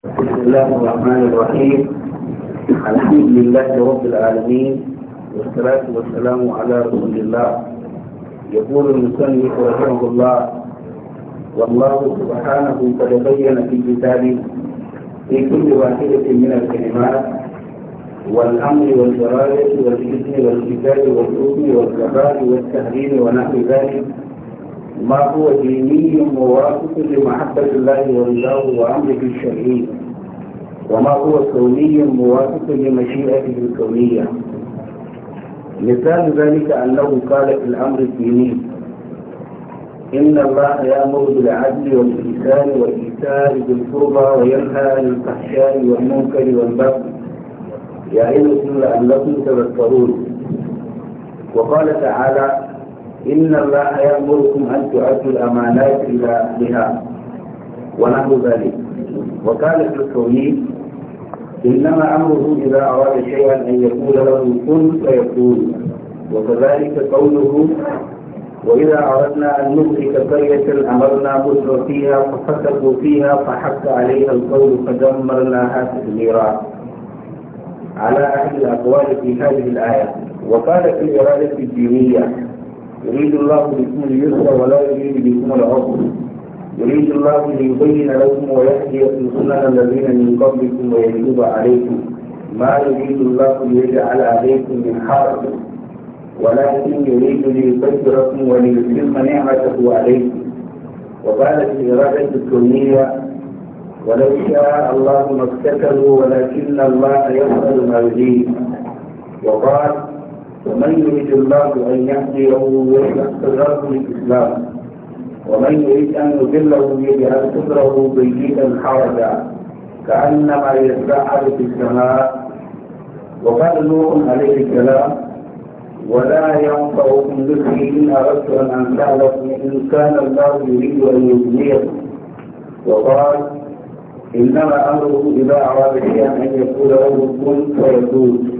بسم الله الرحمن الرحيم الحمد لله رب العالمين والصلاة والسلام على رسول الله يقول المسلم رحمه الله والله سبحانه قد بين في كتابه في كل واحدة من الكلمات والأمر والجرائد والإذن والكتاب والحكم والكبار والتهريم ونحو ذلك ما هو ديني موافق لمحبة الله ورضاه وأمره الشرعي وما هو كوني موافق لمشيئته الكونية مثال ذلك أنه قال في الأمر الديني إن الله يأمر بالعدل والإحسان والإيتاء ذي القربى وينهى عن الفحشاء والمنكر والبغي يعظكم لعلكم تذكرون وقال تعالى إن الله يأمركم أن تؤدوا الأمانات إلى أهلها ونحو ذلك وقال ابن التوحيد إنما أمره إذا أراد شيئا أن يقول له كن فيكون وكذلك قوله وإذا أردنا أن نهلك قرية أمرنا بشر فيها ففسقوا فيها فحق عليها القول فدمرناها تدميرا على أهل الأقوال في هذه الآية وقال في الإرادة الدينية يريد الله بكم اليسر ولا يريد بكم العسر يريد الله ليبين لكم ويحيي سنن الذين من قبلكم ويتوب عليكم ما يريد الله ليجعل عليكم من حرج ولكن يريد ليكبركم وليتم نعمته عليكم في الإرادة الكونية ولو شاء الله ما اقتتلوا ولكن الله يفعل ما يريد وقال ومن يريد الله أن يهديه ويحفظ له الإسلام ومن يريد أن يضله يجعل صدره بيتا حرجا كأنما يتبعد في السماء وقال نوح عليه السلام ولا ينفعكم ذكري إن أردت أن أنفع إن كان الله يريد أن يجزيكم وقال إنما أمره إذا أراد شيئا أن يقول له كن فيكون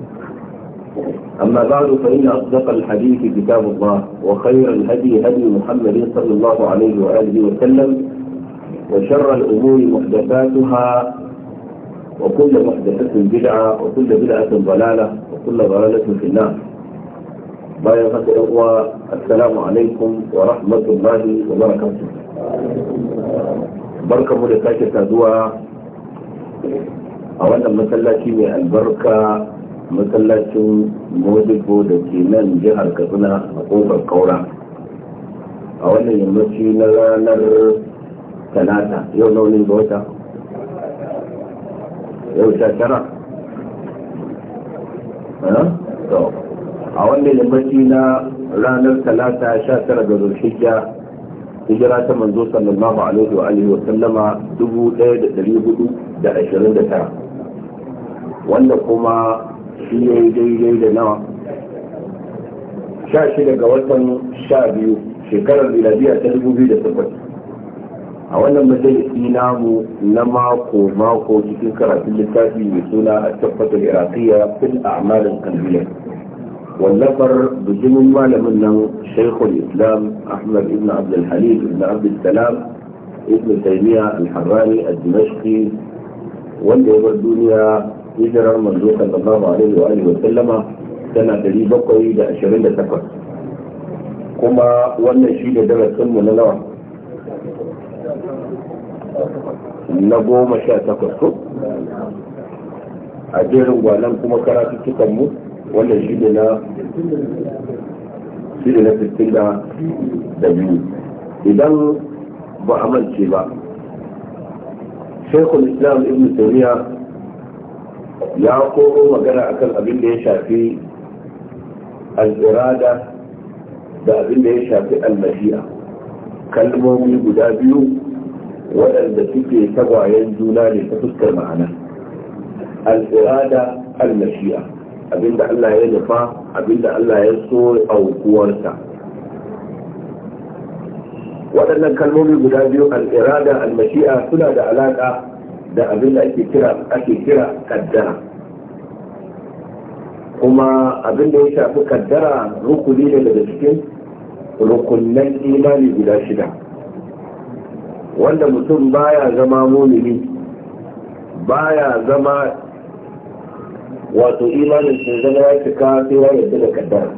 أما بعد فإن أصدق الحديث كتاب الله وخير الهدي هدي محمد صلى الله عليه وآله وسلم وشر الأمور محدثاتها وكل محدثة بدعة وكل بدعة ضلالة وكل ضلالة في النار بايغة الأخوة السلام عليكم ورحمة الله وبركاته بركة ملكاتك دعاء أولا مسلاكي من البركة masallacin modibo da ke nan jihar katsina a kofar kaura a wannan yammaci na ranar talata yau naunin ga wata yau sha tara a wannan yammaci na ranar talata sha tara ga zulhijja hijira ta manzo sallallahu alaihi wa alihi wa sallama dubu ɗaya da dari hudu da ashirin da tara wanda kuma shi ya yi daidai da nawa sha shida ga watan sha biyu shekarar miladiya ta dubu biyu da takwas a wannan majalisi namu na mako mako cikin karatun littafi mai suna a tabbatar iraqiya fil a'malin kalbiyya wallafar bijimin malamin nan shaikhul islam ahmad ibn abd al-halim ibn abd salam ibn taymiya al-harrani al-dimashqi wanda ya bar duniya hijirar manzo sallallahu alaihi wa alihi wa sallama tana 728 kuma wannan shi da darasin mu na nawa na goma sha takwas ko a jerin gwanan kuma karatu cikin mu wannan shi da na shi da na da biyu idan ba a mance ba shekul islam ibn tauriya ya koro magana akan abin da ya shafi al'irada da abin da ya shafi almashi'a kalmomi guda biyu waɗanda suke tagwayen juna ne ta fuskar ma'ana al'irada abin da Allah ya nufa da Allah ya so aukuwarsa waɗannan kalmomi guda biyu al'irada almashi'a suna da alaƙa da abin da ake kira ake kira kaddara kuma abin da ya shafi kaddara rukuni ne daga cikin rukunnan imani guda shida wanda mutum baya zama mumini baya zama wato imanin sun zama ya cika sai ya yarda da kaddara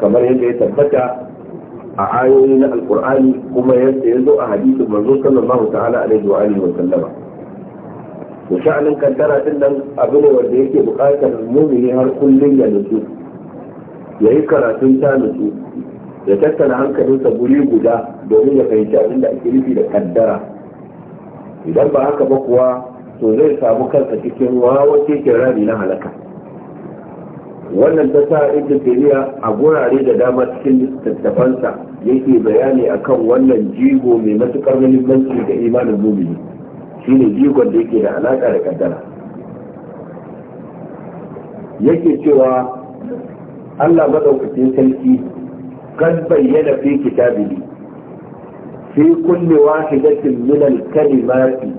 kamar yadda ya tabbata a ayoyi na alkur'ani kuma yadda ya zo a hadisin manzo sallallahu ta'ala alaihi wa alihi wa sallama to sha'anin kaddara din nan abu ne wanda yake bukatar mumini har kullum ya nutsu ya yi karatun ta nutsu ya tattala hankalinsa guri guda domin ya fahimci abin da ake nufi da kaddara idan ba haka ba kuwa to zai samu kansa cikin wawace kirari na halaka wannan ta sa ibn tafiya a gurare da dama cikin littattafansa yake bayani akan wannan jigo mai matukar muhimmanci ga imanin mumini shi ne jigon da yake da alaƙa da kaddara yake cewa Allah madaukakin sarki kan bayyana fi kitabihi fi kulli wahidatin min al-kalimati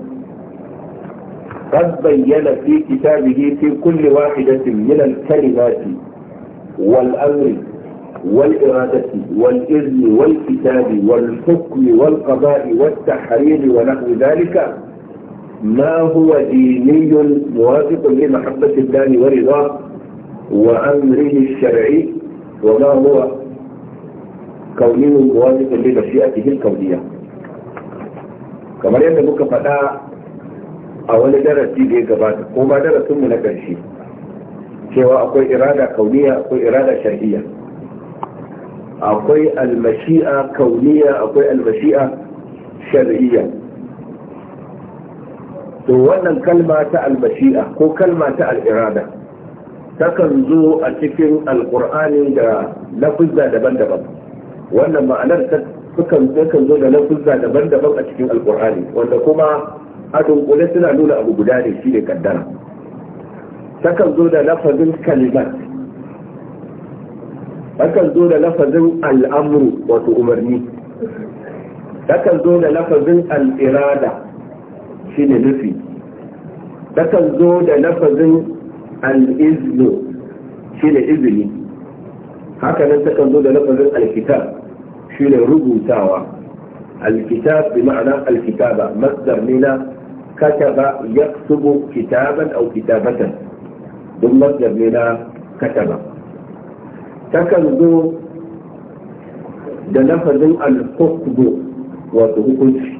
قد بين في كتابه في كل واحدة من wal والأمر والإرادة والإذن والكتاب والحكم والقضاء والتحرير ونحو ذلك ما هو ديني موافق لمحبة الله ورضاه وأمره الشرعي وما هو كوني موافق لمشيئته الكونية كما يجب أن فتاة أول درس دي دي قبات وما درس من الشيء سواء أقول إرادة كونية أقول إرادة شرعية أقول المشيئة كونية أقول المشيئة شرعية to wannan kalma ta albashi'a ko kalma ta al'irada takan zo a cikin Alƙur'ani da lafuzza daban-daban wannan ma'anar sukan kan zo da lafuzza daban-daban a cikin Alƙur'ani, wanda kuma a dunkule suna nuna abu guda ne shi ne kaddara takan zo da lafazin kalimat takan zo da lafazin al'amru wato umarni takan zo da lafazin al'irada Shi ne nufi takan zo da lafazin al shi ne izini haka nan takan zo da lafazin al shi ne rubutawa al-kitab bi ma'ana al-kitaba masdar ne na kataba yaktubu kitaban aw kitabatan don masdar ne na kataba takan zo da lafazin al-hukmu wato hukunci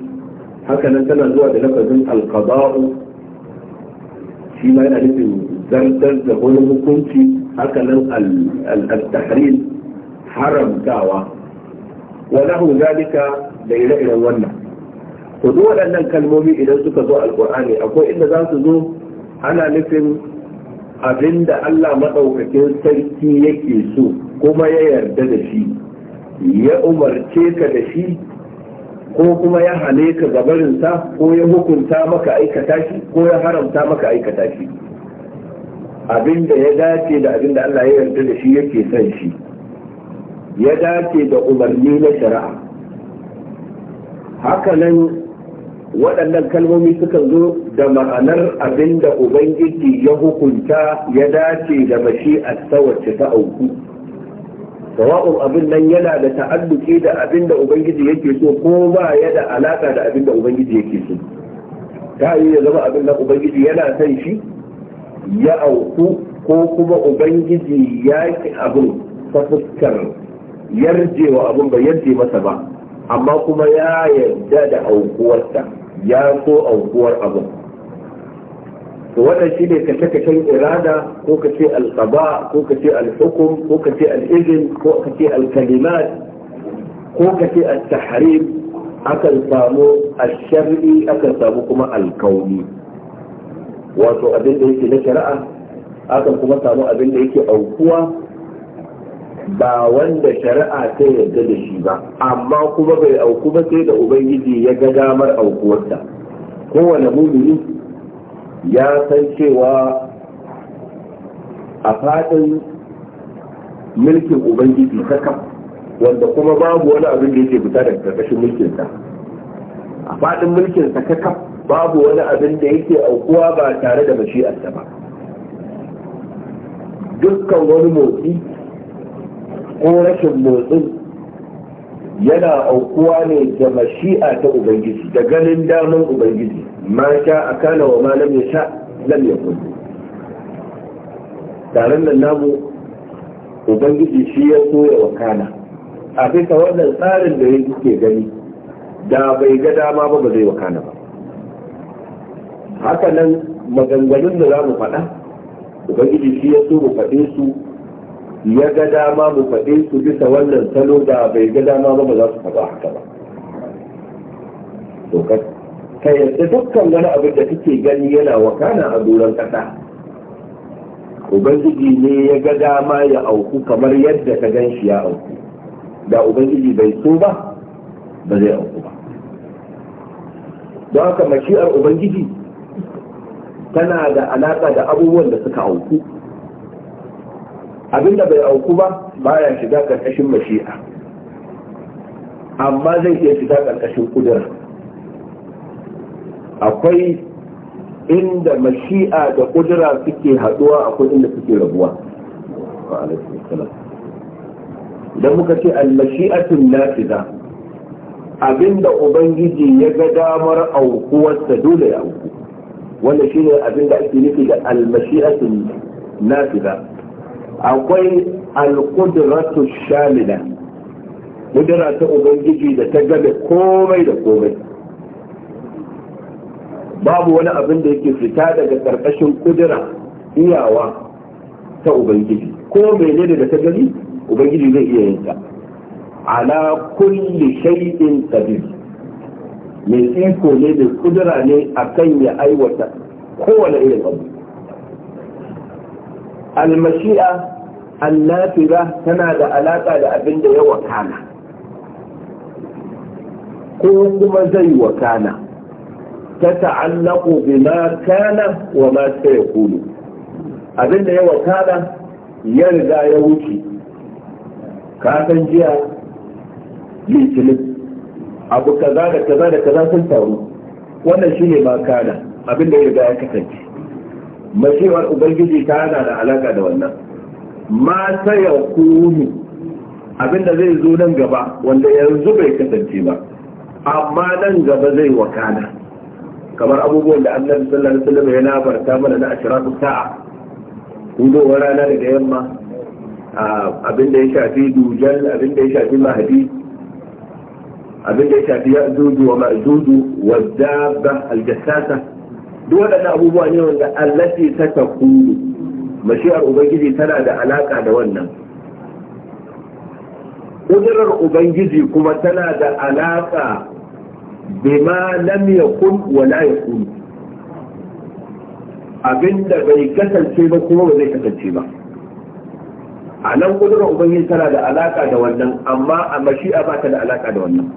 haka nan tana zuwa da lafazin alqada'u shi ma yana nufin zartar da wani hukunci haka nan al haramtawa wani lahu zalika da ire-iren wannan to duk waɗannan kalmomi idan suka zo alqur'ani akwai inda za su zo ana nufin abinda Allah maɗaukakin sarki yake so kuma ya yarda da shi ya umarce ka da shi ko kuma ya hane ka gabarinsa ko ya hukunta maka aikata shi ko ya haramta maka aikata shi abinda ya dace da abinda Allah ya yarda da shi yake son shi ya dace da umarni na shari'a Haka nan, waɗannan kalmomi sukan zo da ma'anar abinda ubangiji ya hukunta ya dace da mashi a ta auku sawa'un abin nan yana da ta'alluki da abin da ubangiji yake so ko ba ya da alaka da abin da ubangiji yake so ta yi ya zama abin nan ubangiji yana son shi ya auku ko kuma ubangiji ya ki abin ta fuskar wa abin ba yarje masa ba amma kuma ya yarda da aukuwarsa ya so aukuwar abin to wannan shi ne kashe-kashen irada ko ka ce alƙaba ko ka ce alhukum ko ka ce al'izin ko ka ce alkalimat ko ka ce al-tahrim akan samu al-shar'i akan samu kuma alkauni wato abin da yake na shari'a akan kuma samu abin da yake aukuwa ba wanda shari'a ta yarda da shi ba amma kuma bai auku ba sai da ubangiji ya ga damar aukuwarsa kowane mumini ya san cewa a fadin mulkin ubangiji saka wanda kuma babu wani abin da yake fita daga karkashin mulkinsa a fadin mulkinsa kaka babu wani abin da yake aukuwa ba tare da mashi'arsa ba dukkan wani motsi ko rashin motsin yana aukuwa ne da mashi'a ta ubangiji da ganin daman ubangiji ma a kana wa malam ya sha lam ya kun taron nan namu ubangiji shi ya so ya wakana a bisa wannan tsarin da ya ke gani da bai ga dama ba ba zai wakana ba haka maganganun da za mu faɗa ubangiji shi ya so mu faɗe su ya ga dama mu faɗe su bisa wannan salo da bai ga dama ba ba za su faɗa haka ba ka yadda dukkan wani abin da kake gani yana wakana a doron kasa ubangiji ne ya ga dama ya auku kamar yadda ka gan shi ya auku da ubangiji bai so ba ba zai auku ba don haka mashi'ar ubangiji tana da alaƙa da abubuwan da suka auku abinda bai auku ba baya shiga ƙarƙashin mashi'a amma zai iya shiga ƙarƙashin kudura akwai inda mashi'a da kudura suke haɗuwa, akwai inda suke rabuwa idan muka ce almashi'atun nafiza abinda ubangiji ya ga damar aukuwarsa dole ya auku wanda shine abinda ake nufi da almashi'atun nafiza akwai alkudratu shamila kudura ta ubangiji da ta gabe komai da komai babu wani abin da yake fita daga karkashin kudura iyawa ta ubangiji ko menene da ta gani ubangiji zai iya yin ta ala kulli shay'in qadir mai iko ne da kudura ne akan ya aiwata kowane irin abu almashi'a annafira tana da alaƙa da abin da ya wakana ko kuma zai wakana تتعلق بما كان وما سيكون abin da ya wakala ya riga ya wuce kasan jiya litinin abu kaza da kaza da kaza sun taru. wannan shine ma kana abin da ya riga ya kasance mashewar ubangiji ta yana da alaka da wannan ma ta ya kunu abin da zai zo nan gaba wanda yanzu bai kasance ba amma nan gaba zai wakana kamar abubuwan da annabi sallallahu alaihi wasallam ya labarta mana na ashiratu sa'a hudowar rana daga yamma abin da ya shafi dujal abin da ya shafi mahadi abin da ya shafi ya'juju wa ma'juju wa dabba aljassasa duk waɗannan abubuwa ne wanda allati satakunu mashi'ar ubangiji tana da alaka da wannan kudurar ubangiji kuma tana da alaka bima lam yakun wa la yakun abinda bai kasance ba kuma ba zai kasance ba a nan kudurar ubangiji tana da alaka da wannan amma a mashi'a ba ta da alaka da wannan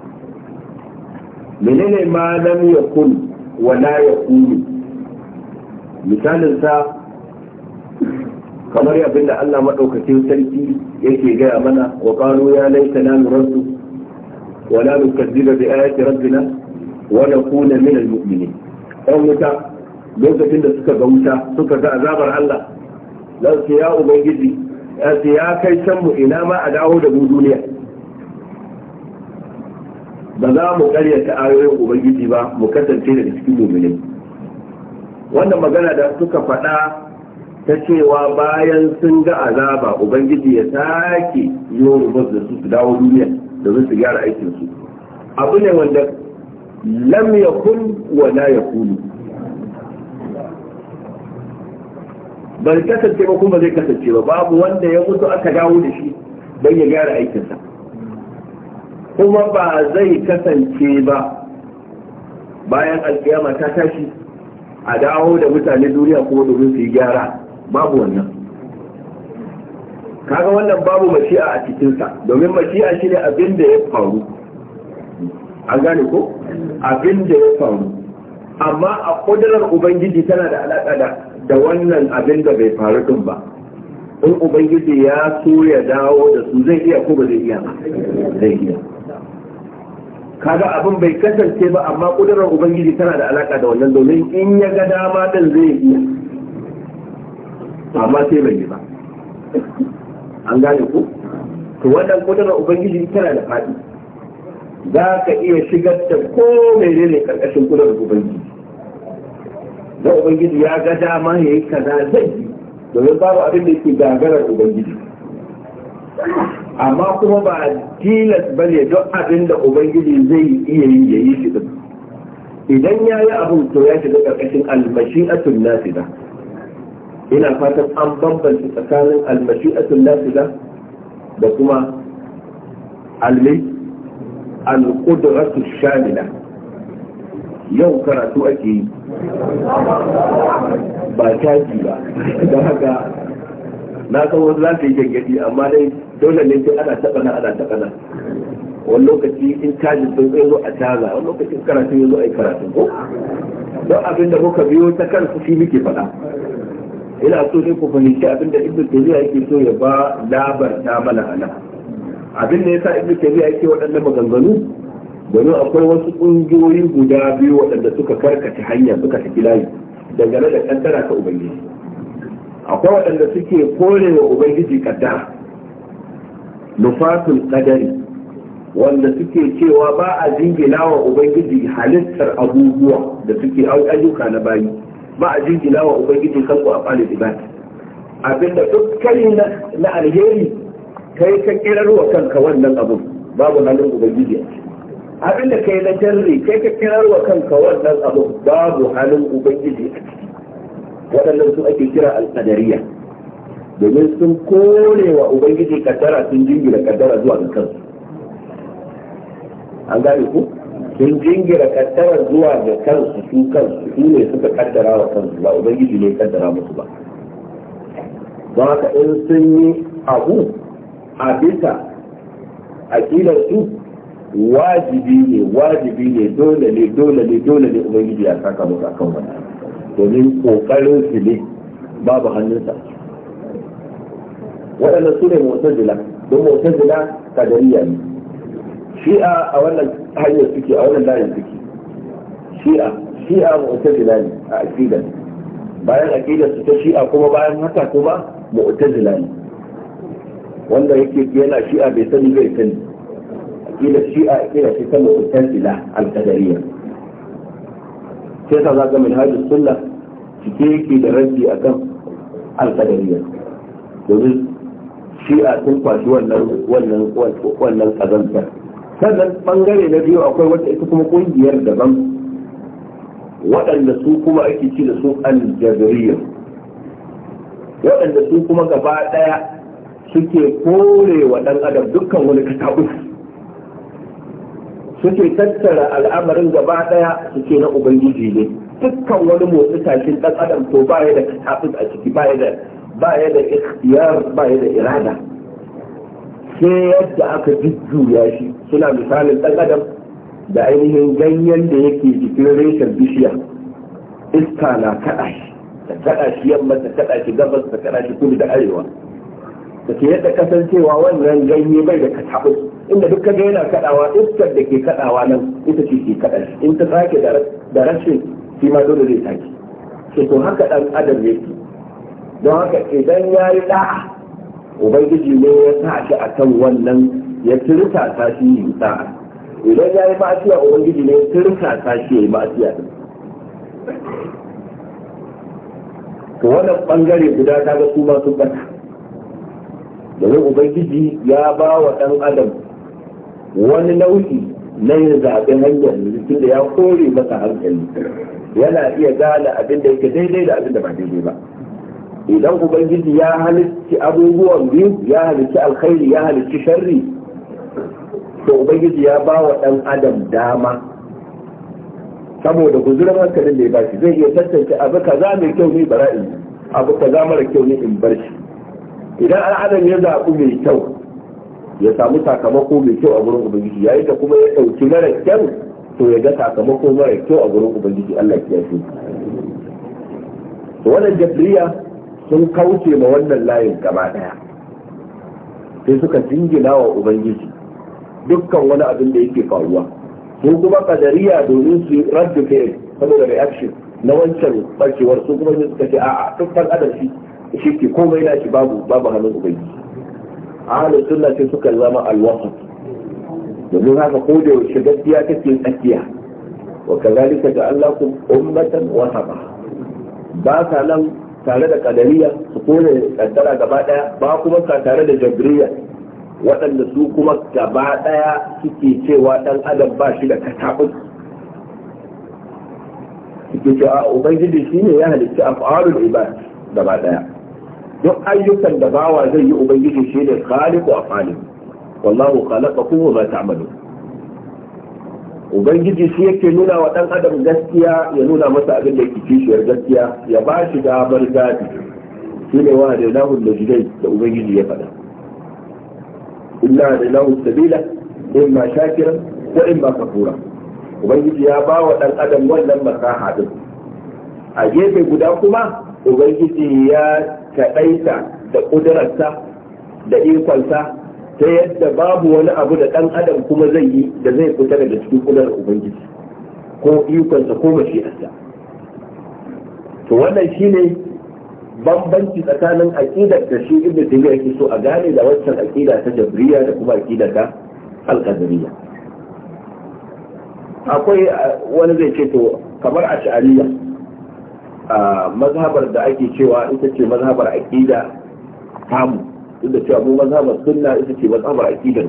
menene ma lam yakun wa la yakun misalin sa kamar abinda Allah madaukakin sarki yake gaya mana wa qalu ya laitana nuraddu ولا نكذب بآيات ربنا ونكون من المؤمنين أو متى lokacin da suka ga wuta suka ga azabar Allah za su ya ubangiji ya kai can mu ina ma a dawo da mu duniya ba za mu karyata ayoyin ubangiji ba mu kasance daga cikin muminai wannan magana da suka faɗa ta cewa bayan sun ga azaba ubangiji ya sake yi da su su dawo duniya zai su gyara aikinsu. su abu ne wanda lam kun wa la ba zai kasance ba kuma zai kasance ba babu wanda ya mutu aka dawo da shi don ya gyara aikinsa kuma ba zai kasance ba bayan alkiyama ta tashi a dawo da mutane duniya kuma domin su yi gyara babu wannan kaga wannan babu mashi'a a cikinsa domin mashi'a shi ne abin da ya faru an gane ko abin da ya faru amma a kudurar ubangiji tana da alaƙa da wannan abin da bai faru din ba in ubangiji ya so ya dawo da su zai iya ko ba zai iya zai iya kaga abin bai kasance ba amma kudurar ubangiji tana da alaƙa da wannan domin in ya ga dama din zai iya amma sai bai yi ba an gane ku to wannan kudurar ubangiji tana da faɗi za ka iya shigar da ko ne karkashin kudurar ubangiji na ubangiji ya ga dama ya yi kaza zai yi domin babu abin da yake gagarar ubangiji amma kuma ba tilas ba ne don abin da ubangiji zai iya yi ya yi shi idan ya yi abin to ya shiga karkashin almashi a tunna ina fatan an bambanta tsakanin almashi'atul lafila da kuma almi alqudratu shamila yau karatu ake yi ba taki ba don haka na kawo wasu za su yi gyangyaɗi amma dai dole ne sai ana taɓa nan ana taɓa nan wani lokaci in cajin sun zai zo a caza wani lokacin karatu ya zo a yi karatu ko don abin da muka biyo ta kansu shi muke faɗa ina so ne ku fahimci abin da ibnu taymiya yake so ya ba labar ta mana ana abin da yasa ibnu taymiya yake waɗannan maganganu domin akwai wasu ƙungiyoyi guda biyu waɗanda suka karkace hanya suka tafi layi dangane da kaddara ta ubangiji akwai waɗanda suke kore wa ubangiji kaddara nufatul qadari wanda suke cewa ba a jingina wa ubangiji halittar abubuwa da suke ayyuka na bayi ba a jingina wa ubangiji kanku a ɓalin ibad abinda duk kai na alheri kai ka kirar wa kanka wannan abun babu hannun ubangiji a ciki abinda kai na jarri kai ka kirar wa kanka wannan abun babu halin ubangiji a ciki waɗannan su ake kira alƙadariya domin sun kore wa ubangiji kaddara sun jingina kaddara zuwa ga kansu an gane ku sun jingira kaddara zuwa ga kansu su kansu su ne suka kaddara wa kansu ba ubangiji ne kaddara musu ba don haka in sun yi abu a bisa a su wajibi ne wajibi ne dole ne dole ne dole ne ubangiji ya saka musu akan wani domin kokarin su ne babu hannunsa waɗanda su ne motsa jila don motsa jila kadariya ne shi a wannan hanyar suke a wannan layin suke shi'a shi'a mu'tazila ne a aqidar bayan aqidar su ta shi'a kuma bayan haka kuma mu'tazila ne wanda yake yana shi'a bai sani bai sani aqidar shi'a aqidar shi ta mu'tazila al-qadariyya sai ka zaga minhajus sunna cike yake da rabbi akan al-qadariyya domin shi'a sun kwashi wannan wannan wannan kazantar sannan bangare na biyu akwai wata ita kuma kungiyar daban waɗanda su kuma ake ci da su aljabiriya waɗanda su kuma gaba ɗaya suke kore wa ɗan adam dukkan wani katabus suke tattara al'amarin gaba ɗaya suke na ubangiji ne dukkan wani motsi tashin ɗan adam to baya da katabus a ciki baya da baya da ikhtiyar baya da irada sai yadda aka jujjuya shi suna misalin ɗan adam da ainihin ganyen da yake jikin reshen bishiya iska na kaɗa shi ta kaɗa shi yamma ta kaɗa shi gabas ta kaɗa shi kudu da arewa da ke yadda kasancewa wannan ganye bai da kataɓu inda duk kaga yana kaɗawa iskar da ke kaɗawa nan ita ce ke kaɗa shi in ta sake da rashin shi ma dole zai sake to haka ɗan adam yake don haka idan ya yi ɗa'a ubangiji ne ya sa shi a kan wannan ya turka ta shi yi sa'a idan ya yi ma'asiya ubangiji ne ya turka ta shi ya yi ma'asiya ta to wannan bangare guda ta ga su ma sun bata domin ubangiji ya ba wa ɗan adam wani nau'i na yin zaɓen hanyar jikin da ya kore masa hankali yana iya gane abin da yake daidai da abin da ba daidai ba idan ubangiji ya halitta abubuwan biyu ya halitta alkhairi ya halitta sharri to ubangiji ya ba wa dan adam dama saboda guzurin hankalin da ya bashi zai iya tantance abu kaza mai kyau ne bara'i abu kaza mara kyau ne in bar shi idan adam ya zaɓi mai kyau ya samu sakamako mai kyau a gurin ubangiji yayin da kuma ya ɗauki mara kyau to ya ga sakamako mara kyau a gurin ubangiji Allah ya shi wannan jabriya sun kauce ma wannan layin gaba daya sai suka jingina wa ubangiji dukkan wani abin da yake faruwa su kuma kadariya domin su raddu kai saboda reaction na wancan barkewar su kuma sai suka ce a'a duk dan adam shi ke komai na shi babu babu hannun ubangiji ahlus sunna sai suka zama alwasat domin haka ko da yaushe gaskiya take tsakiya wa kazalika ja'alnakum ummatan wasata ba ka nan tare da kadariya su kone kaddara gaba daya ba kuma ka tare da jabriya waɗanda su kuma gaba daya suke cewa dan adam ba shi da katabus suke cewa ubangiji shine ya halicci af'alul ibad gaba daya duk ayyukan da bawa zai yi ubangiji shine khaliqu af'alihi wallahu khalaqakum wa ma ta'malun ubangiji shi yake nuna wa dan adam gaskiya ya nuna masa abin da yake kishiyar gaskiya ya ba shi damar gadi shi ne wa da nahu da jidai da ubangiji ya faɗa illa da nahu sabila in ma shakira ko in ba kafura ubangiji ya ba wa dan adam wannan masaha din a gefe guda kuma ubangiji ya kaɗaita da ƙudurarsa da ikonsa ta yadda babu wani abu da ɗan adam kuma zai yi da zai fita daga cikin kular ubangiji ko ikonsa ko asa to wannan shi ne bambanci tsakanin aƙidar da shi ta yi yake so a gane da wancan aƙida ta jabriya da kuma aƙida ta alƙadariya akwai wani zai ce to kamar ash'ariya a mazhabar da ake cewa ita ce mazhabar aƙida tamu duk da cewa mu mazhabar sunna ita ce mazhabar aqidan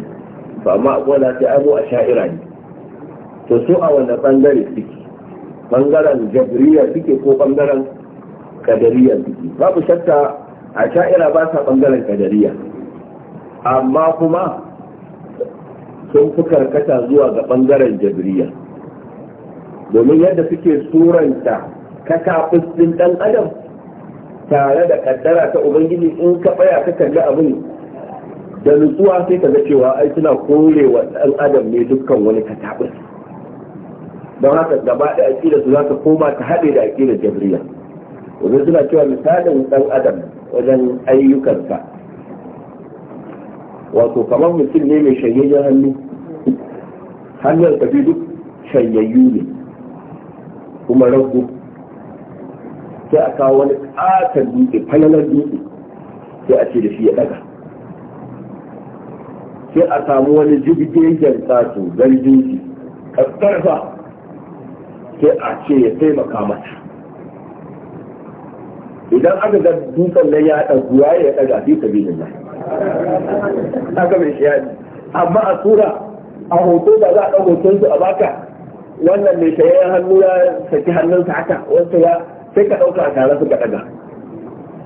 to amma akwai da ta abu a sha'ira ne to su a wanda bangare suke bangaren jabriya suke ko bangaren kadariya suke babu shakka a sha'ira ba sa bangaren kadariya amma kuma sun fi karkata zuwa ga bangaren jabriya domin yadda suke suranta kakafis ɗin ɗan adam tare da kaddara ta ubangiji in ka tsaya ka kalli abin da nutsuwa sai ka ga cewa ai suna kore wa dan adam ne dukkan wani katabin don haka gaba da aqida su zaka koma ka hade da aqida jabriya wanda suna cewa misalin dan adam wajen ayyukansa wato kamar mutum ne mai shanyayyen hannu hanyar tafi duk shanyayyu ne kuma ragu sai a kawo wani katar dutse falalar dutse sai a ce da shi ya daga sai a samu wani jirgin garjin zargin shi ƙasƙarfa sai a ce ya taimaka mata idan aka ga dutsen nan ya ɗagu ya ya ɗaga fi ta biyu nan aka mai shi amma a tura a hoto ba za a ɗan hoton su a baka wannan mai shayayyen hannu ya saki hannunsa haka wasu ya sai ka ɗauka a tare suka ɗaga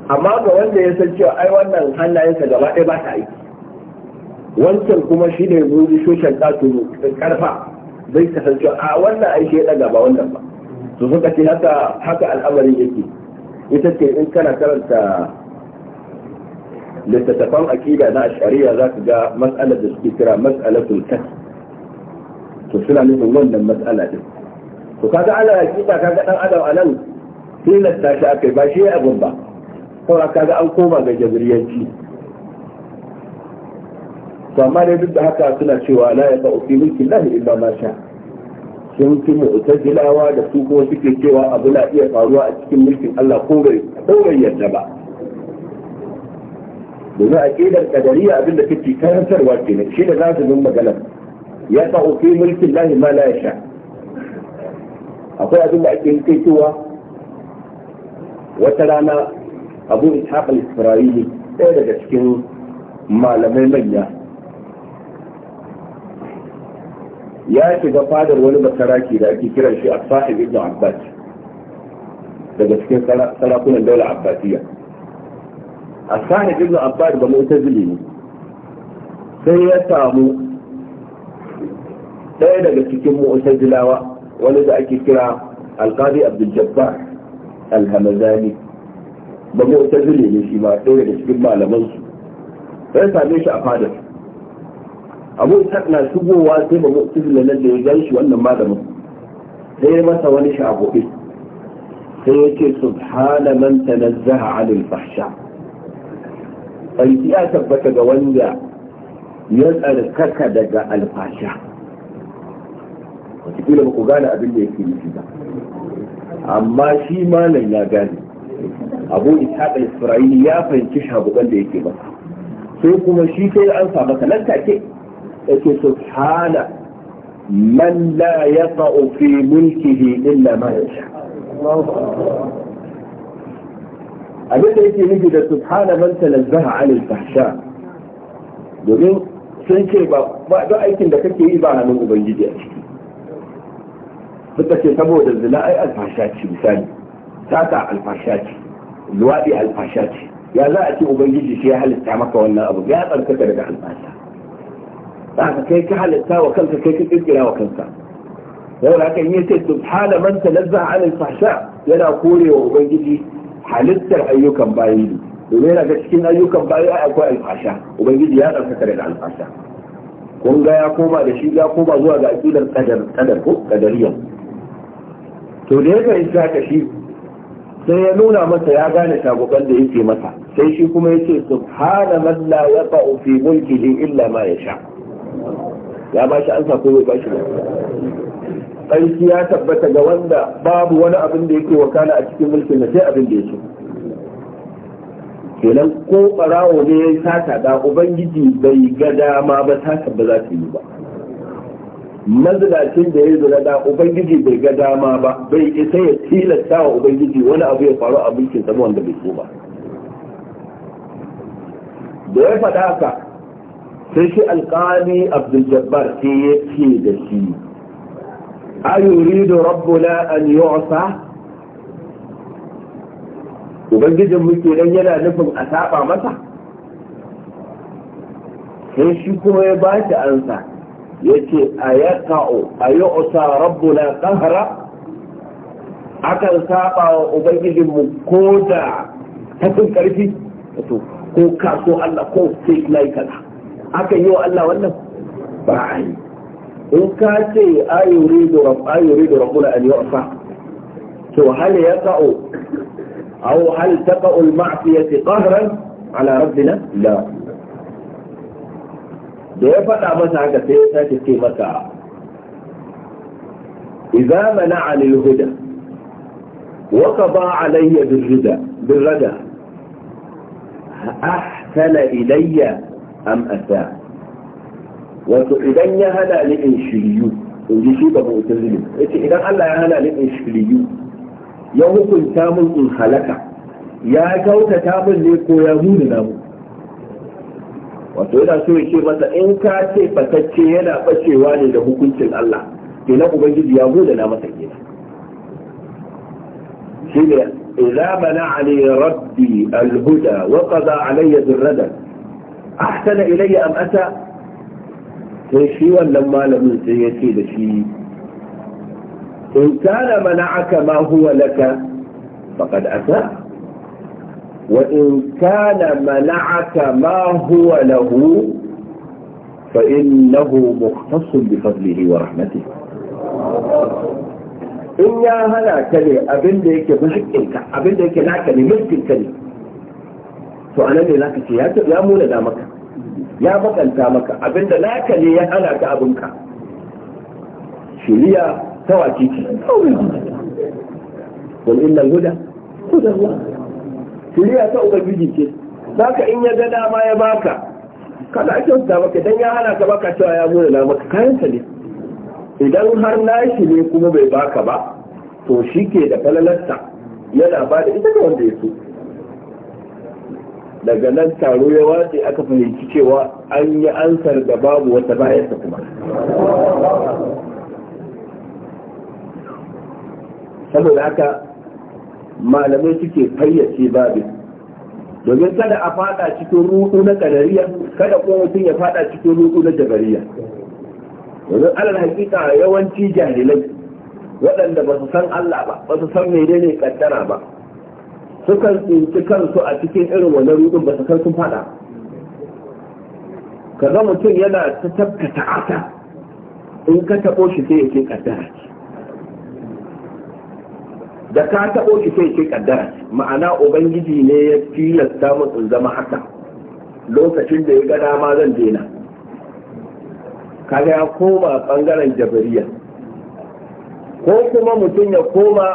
amma ga wanda ya san cewa ai wannan hannayensa gaba ɗaya ba ta aiki wancan kuma shi ne zuri shoshen ƙatulu ƙarfa zai cewa a wannan aiki ya ɗaga ba wannan ba to suka ce haka haka al'amarin yake ita ce in kana karanta littattafan aƙida na shari'a za ka ga mas'alar da suke kira mas'alatul kas to suna nufin wannan mas'ala din to kaga ala hakika kaga dan adam a nan. tilasta shi aka yi ba shi ya abin ba saura ga an koma ga jabiriyanci to amma dai duk da haka suna cewa la ya ba'u fi mulki lahi illa ma sha sun fi mu'tazilawa da su kuma suke cewa abu na iya faruwa a cikin mulkin Allah ko bai ko bai yadda ba domin aqidar qadariyya abin da kake karantarwa kenan shi da su bin magana ya ta'u fi mulkin lahi ma la ya sha akwai abin da ake kai cewa wata rana abu ishaq al-isra'ili ɗaya daga cikin malamai manya ya shiga fadar wani basaraki da ake kiran shi a sahib ibn abbas daga cikin sarakunan daular abbasiya a sahib ibn abbas ba mutazili ne sai ya samu ɗaya daga cikin mu'tazilawa wani da ake kira alqadi abdul jabbar alhamazani ba mu ta zile ne shi ba ɗaya daga cikin malaman su ya same shi a fadar abu na shigowa sai ba mu ta zile nan da ya gan shi wannan malamin sai ya masa wani shagobi sai ya ce subhana man tanazzaha anil fahsha bai ya tabbata ga wanda ya tsarkaka daga alfasha wata ba ku gane abin da yake nufi ba amma shi malam ya gane abu ishaq israili ya fahimci shagugan da yake ba sai kuma shi sai an samu ka nan take yake subhana man la yaqa'u fi mulkihi illa ma abin da yake nufi da subhana man talazzaha 'ala fahsha domin sun ce ba ba aikin da kake yi ba hannun ubangiji a ciki suka ce saboda zina ai alfasha ce misali sata alfasha ce luwaɗi alfasha ce ya za a ce ubangiji shi ya halitta maka wannan abu ya tsarkaka daga alfasha haka kai ka halitta wa kanka kai ka kirkira wa kanka yau da haka yi ce subhana man talazza an alfasha yana korewa ubangiji halittar ayyukan bayi domin yana ga cikin ayyukan bayi akwai alfasha ubangiji ya tsarkaka daga alfasha kun ga ya koma da shi ya koma zuwa ga aqidar qadar qadar ko qadariyya to da ya fahimci haka shi sai ya nuna masa ya gane shagugan da yake masa sai shi kuma yace hana malla ya yaqa'u fi mulkihi illa ma ya sha. ya ba shi ansa ko bai ba shi ba sarki ya tabbata ga wanda babu wani abin da yake wakana a cikin mulkin na sai abin da yake kenan ko ɓarawo ne ya sata da ubangiji bai ga dama ba sata ba za ta yi ba mazalacin da ya zura da ubangiji bai ga dama ba bai isa ya tilasta wa ubangiji wani abu ya faru a mulkin sa wanda bai so ba da ya faɗa ka sai shi alƙali abdul jabbar sai ya ce da shi a yuridu rabbuna an yu'sa ubangijin muke dan yana nufin a saba masa sai shi kuma ya ba shi ansa yake a yaka'u a yi usa rabbuna qahra akan saba wa ubangijinmu ko da tafin karfi wato ko kaso Allah ko sai lai kaza akan yi wa Allah wannan ba a yi in ka ce ayuri da ayuri da rabbuna an yu'fa to hal yaqa'u aw hal taqa'u al-ma'siyati qahran ala rabbina la da ya faɗa masa haka sai ya sake ce masa idza mana lil huda wa qada alayya bil rida bil rada ahsana ilayya am asa wato idan ya hana ni in shiryu in ji shi ba mutum yace idan Allah ya hana ni in shiryu ya hukunta mun in halaka ya kautata mun ne ko ya hudu na mu wato yana so ya ce masa in ka ce fatacce yana bacewa ne da hukuncin Allah kenan ubangiji ya bude na masa kenan shi ne idza mana'ani rabbi alhuda wa qada alayya dirrada ahsana ilayya am ata sai shi wannan malamin sai ya ce da shi in kana mana'aka ma huwa laka faqad ata وإن كان منعك ما هو له فإنه مختص بفضله ورحمته in ya hana ka ne abin da yake haƙƙinka abin da yake naka ne mulkinka ne to anan ne zaka ce ya ya muna da ya bakanta maka abin da naka ne ya hana ka shiriya ta ubangiji ce zaka in ya ga dama ya baka kada a kyauta maka dan ya hana ka baka cewa ya mura da maka kayan ne idan har na shi ne kuma bai baka ba to shi ke da falalarsa yana ba da ita ga wanda ya so daga nan taro ya watse aka fahimci cewa an yi ansar da babu wata bayansa kuma saboda haka malamai suke fayyace babin domin kada a fada cikin ruɗu na kadariya kada kuma mutum ya fada cikin ruɗu na jabariya domin alal hakika yawanci jahilai waɗanda ba su san Allah ba ba su san menene kaddara ba sukan tsinci kansu a cikin irin wannan ruɗun ba su san sun fada kaga mutum yana ta tabbata ata in ka taɓo shi sai ya ce da ka taɓo shi sai ke kaddara ma'ana ubangiji ne ya tilasta musu zama haka lokacin da ya ga dama zan daina kaga ya koma bangaren jabariya ko kuma mutum ya koma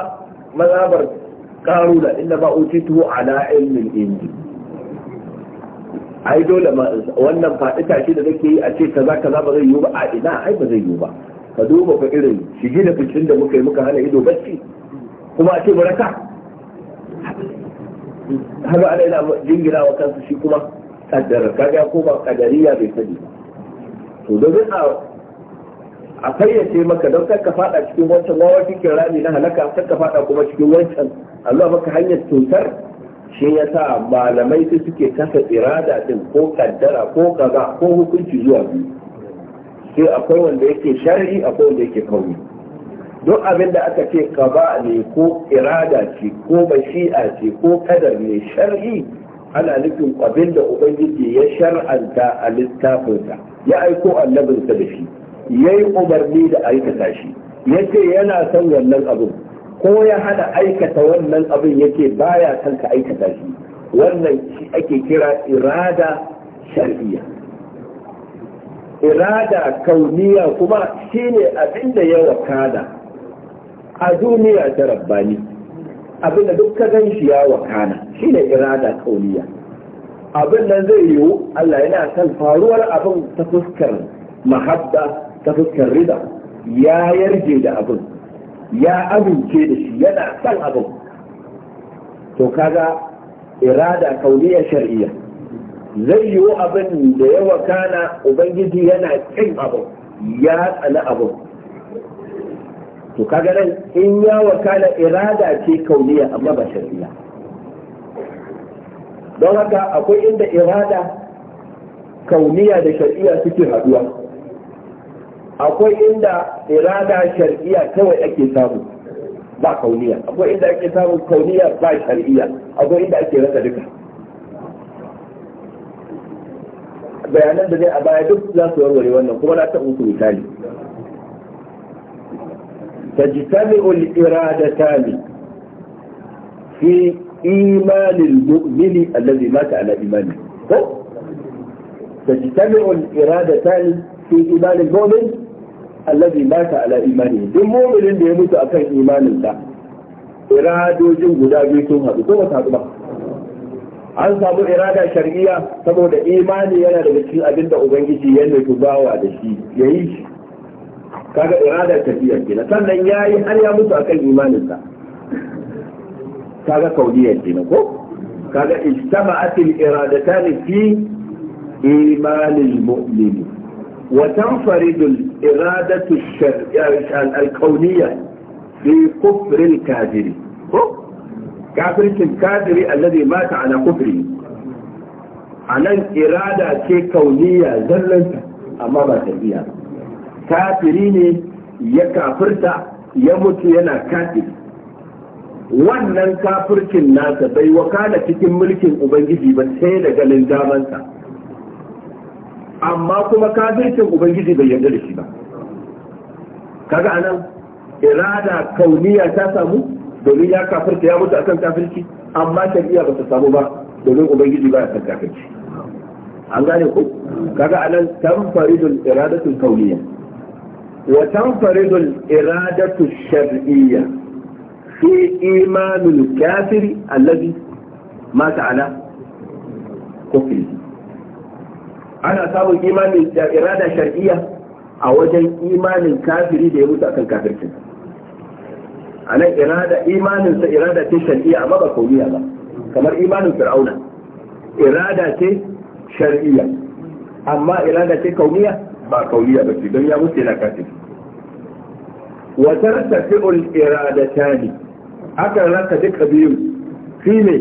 mazabar karuna inda ba tuwo ala ilmin indi ai dole wannan faɗi tashi da nake yi a ce kaza kaza ba zai yiwu ba a ina ai ba zai yiwu ba ka duba ka irin shige da fitin da muka yi muka hana ido bacci kuma a ce baraka haka ana yana jingina wa kansu shi kuma kaddarar kaga ko ba kadariya bai sani to domin a a fayyace maka don kar ka fada cikin wancan wawar cikin rami na halaka kar ka fada kuma cikin wancan Allah maka hanyar cutar shi ya sa malamai su suke kasa irada din ko kaddara ko kaza ko hukunci zuwa biyu sai akwai wanda yake shar'i akwai wanda yake kauye duk abin da aka ce kaba ne ko irada ce ko bashi'a ce ko kadar ne shar'i ana nufin abin da ubangiji ya shar'anta a littafinsa ya aiko annabinsa da shi ya yi umarni da aikata shi ya ce yana son wannan abin ko ya hana aikata wannan abin yake baya son ka aikata shi wannan shi ake kira irada shar'iyya irada kauniya kuma shine abin da ya wakana a duniya ta rabbani abinda duk ka gan shi ya wakana shi ne irada kauniya abin nan zai yiwu Allah yana san faruwar abin ta fuskar mahabba ta fuskar rida ya yarje da abin ya amince da shi yana san abin to kaga irada kauniya shar'iyya zai yiwu abin da ya wakana ubangiji yana kin abin ya tsana abin to kaga nan in ya wakala irada ce kauniya amma ba shar'iya. don haka akwai inda irada kauniya da shar'iya suke haduwa akwai inda irada shar'iya kawai ake samu ba kauniya akwai inda ake samu kauniya ba shar'iya. akwai inda ake rasa duka bayanan da zai a baya duk za su warware wannan kuma na taɓa musu misali تجتمع الإرادتان في إيمان المؤمن الذي مات على إيمانه تجتمع الإرادتان في إيمان المؤمن الذي مات على إيمانه دم مؤمن اللي يموت أكن إيمان الله إرادة جنجدا بيتم هذا ثم تهدم an samu irada shari'iyya saboda imani yana daga cikin abin da ubangiji ya nufi bawa da shi ya yi shi kaga iradar tafiyar kenan sannan yayi har ya mutu akan imanin imaninsa kaga kauniyar kenan ko kaga istama'at al-iradatan fi iman al-mu'min wa tanfarid al-iradatu al-kawniyya fi kufr al-kafiri ko kafircin kafiri alladhi mata ala kufri anan irada ce kauniyya zallanta amma ba tafiya kafiri ne ya kafirta ya mutu yana kafiri wannan kafircin nasa bai wakala cikin mulkin ubangiji ba sai da ganin damansa amma kuma kafircin ubangiji bai yarda da shi ba kaga anan irada kauniya ta samu domin ya kafirta ya mutu akan kafirci amma shari'a ba ta samu ba domin ubangiji ba ya san kafirci an gane ku kaga anan tamfaridul iradatul kauniya وتنفرض الإرادة الشرعية في إيمان الكافر الذي مات على كفر أنا أصاب إيمان الإرادة الشرعية أوجه إيمان الكافر إذا يموت أكل كافر كنت. أنا إرادة إيمان إرادة الشرعية أما بقولي هذا كما إيمان فرعون إرادة الشرعية أما إرادة كونية بقولي هذا الشيء دنيا مستنى wa tartafi'ul iradatani aka raka duka biyu fi ne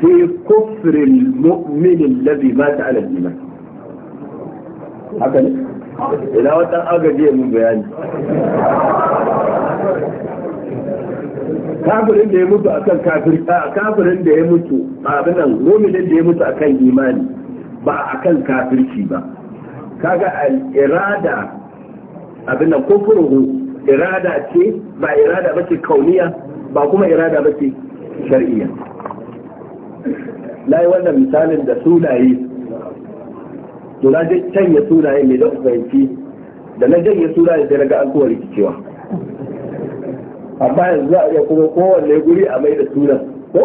fi kufrin mu'minin labi mata ala iman haka ne ina wata agaji ya mun bayani kafirin da ya mutu akan kafir kafirin da ya mutu abinan mu'minin da ya mutu akan imani ba akan kafirci ba kaga al-irada abin nan kufuruhu irada ce ba irada ba ce kauniya ba kuma irada ba bace shar'iyya lai wannan misalin da sunaye to na janye sunaye mai don fahimci da na janye sunaye sai ga an kowa rikicewa amma yanzu za a iya kuma kowanne guri a mai da sunan ko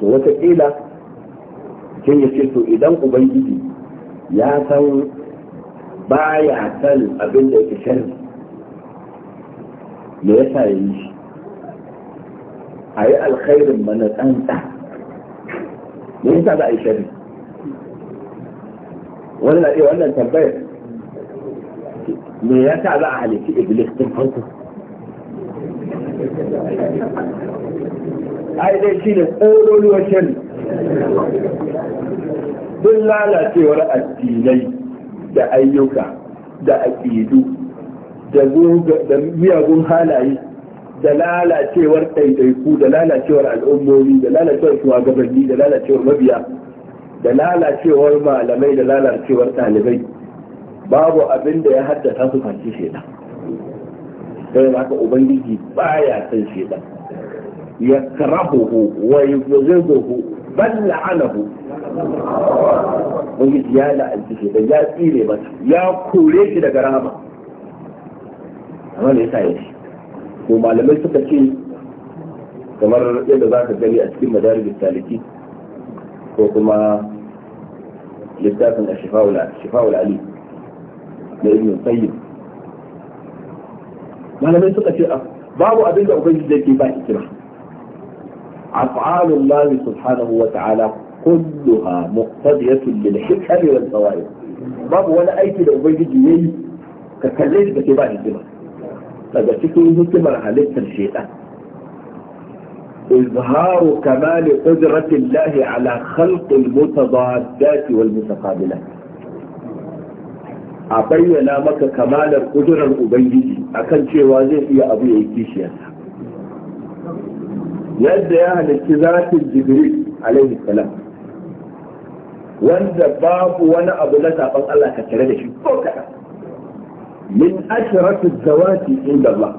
to wataƙila kin ya ce to idan ubangiji ya san baya san abin da yake shari me yasa ya yi shi a yi alkhairin mana tsantsa me yasa za a yi sharri wannan iya wannan tambayar me yasa za a halitta iblis tun farko ai dai shi ne ƙololuwar shari duk lalacewar addinai da ayyuka da aƙidu da miyagun halaye da lalacewar ɗaiɗaiku da lalacewar al'ummomi da lalacewar shugabanni da lalacewar mabiya da lalacewar malamai da lalacewar ɗalibai babu abin da ya haddasa su fanci sheda. sai ka ubangiji baya san sheda. ya karahuhu wa yuzghibuhu bal la'anahu ubangiji ya la'anci shi ya tsire masa ya kore shi daga rahama amma ne yasa yashi Ko malamai suka ce kamar yadda za ka gani a cikin madarij saliki ko kuma littafin a shifa'ul ali na ibn qayyim malamai suka ce babu abinda da ubangiji yake ba kira. أفعال الله سبحانه وتعالى كلها مقتضية للحكم والفوائد باب ولا أي كده أبيجي يي ككليش بتبع الدماء daga cikin hikimar halittar shaitan إظهار كمال قدرة الله على خلق المتضادات والمتقابلات أبين لك كمال قدرة أبيجي أكن شيء واضح يا أبو يكيشيسا yadda ya halarci zatin jibril alaihi salam wanda babu wani abu na saban Allah ka tare da shi ko kaɗan min ashratu zawati inda Allah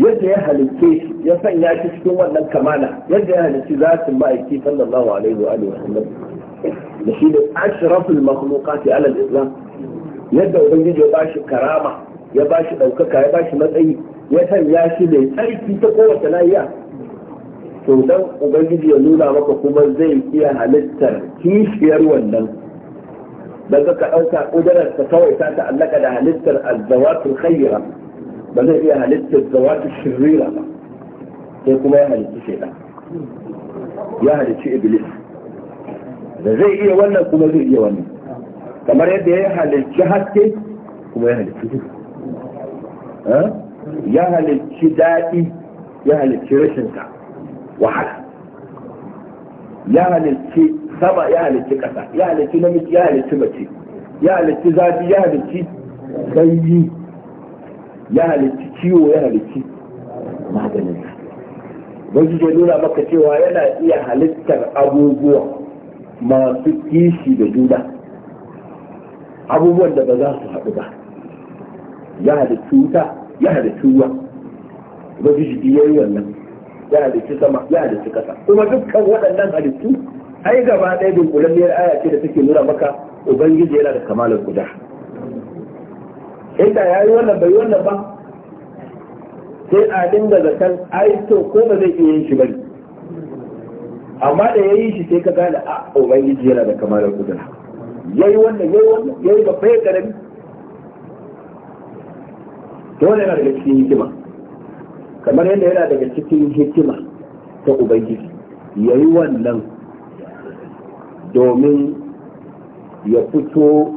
yadda ya halicce shi ya sanya shi cikin wannan kamala yadda ya halicci zatin ma'aiki sallallahu alaihi wa alihi wa sallam da shi ne ashraful makhluqati ala al-islam yadda ubangiji ya bashi karama ya bashi daukaka ya bashi matsayi ya sanya shi mai tsarki ta kowace layiya. to dan ubangiji ya nuna maka kuma zai iya halittar kishiyar wannan dan ka ɗauka ƙudurar ta kawai ta ta'allaka da halittar azzawatul khayyira ba zai iya halittar zawatul shirira ba sai kuma ya halitta shaidan ya halicci iblis da zai iya wannan kuma zai iya wannan kamar yadda ya halicci haske kuma ya halicci duhu ya halicci daɗi ya halicci ka wahala ya halicci sama ya halicci ƙasa ya halicci namiji ya halicci mace ya halicci zafi ya halicci sanyi ya halicci ciwo ya halicci maganin wasu ke nuna maka cewa yana iya halittar abubuwa masu kishi da juna abubuwan da ba za su haɗu ba ya halicci wuta ya halicci ruwa ubangiji ya yi wannan ya halicci sama ya halicci kasa kuma dukkan waɗannan halittu ai gaba ɗaya dunkulalliyar aya ce da take nuna maka ubangiji yana da kamalar guda inda ya yi wannan bai wannan ba sai a dinga zaton ai to ko ba zai iya yin shi bari amma da ya yi shi sai ka gane a ah, ubangiji yana da kamalar guda ya yi wannan ya yi wannan ya yi babba ya karami dole yana daga cikin hikima kamar yadda yana daga cikin hikima ta ubangiji ya yi wannan domin ya fito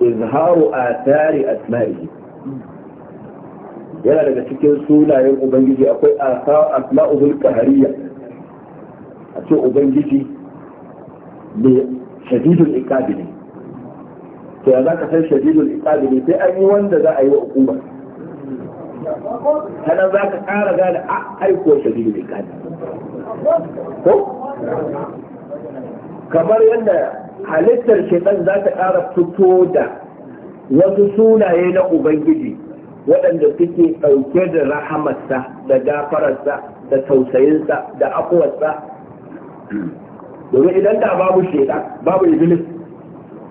izharu a tari asma'i yana daga cikin sunayen ubangiji akwai asma'ul kahariya a ce ubangiji ne shadidul iqabi ne to ya za ka san shadidul iqabi sai an yi wanda za a yi wa hukumar ta za ka ƙara gane a ah, aiko shabilu ne ko kamar yadda halittar shaitan za ta ƙara fito da wasu sunaye na ubangiji waɗanda suke ɗauke da rahamarsa da gafararsa da tausayinsa da afuwarsa domin idan da babu shaitan babu iblis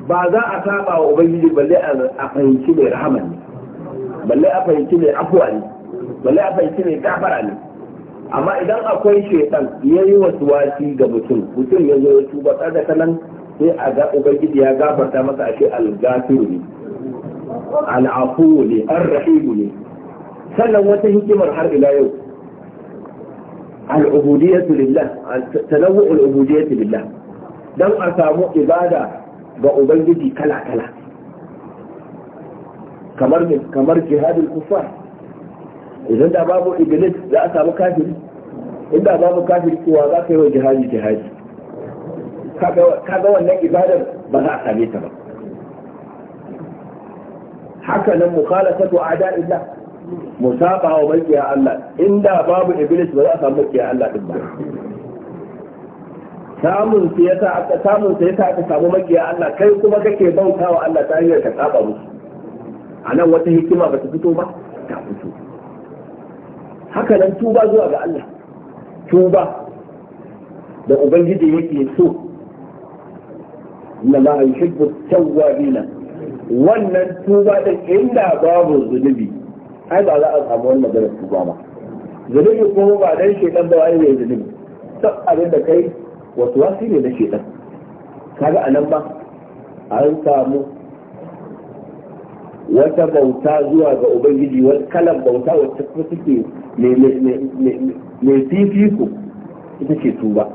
ba za a saba wa ubangiji balle a fahimci mai rahama ne balle a fahimci mai afuwa ne balle a ne kafara ne amma idan akwai shaitan ya yi wasu wasi ga mutum mutum ya zo ya tuba tsada ta nan sai a ga ubangiji ya gafarta masa ashe al-gafiru ne al-afu ne ar rahim ne sannan wata hikimar har ila yau al-ubudiyyatu lillah tanawwu al-ubudiyyatu lillah dan a samu ibada ga ubangiji kala kala kamar kamar jihadul kufar idan da babu iblis za a samu kafiri inda babu kafiri kowa za ka yi wa jihadi jihadi kaga wannan ibadar ba za a same ta ba haka nan mukhalafatu a'da illah musaba wa makiya Allah inda babu iblis ba za a samu makiya Allah din ba samun sa yasa aka samun sa yasa aka samu makiya Allah kai kuma kake bautawa Allah ta hanyar ka saba musu anan wata hikima ba ta fito ba ta fito haka nan tuba zuwa ga Allah tuba da ubangiji yake so inna ma yuhibbu tawwabina wannan tuba da inda babu zunubi ai ba za a samu wannan da tuba ba zunubi kuma ba dan shedan da wani ne zunubi duk abin da kai wasu wasi ne na shedan kaga anan ba an samu wata bauta zuwa ga ubangiji wata kalan bauta wacce kuma suke mai fifiko ita ce tuba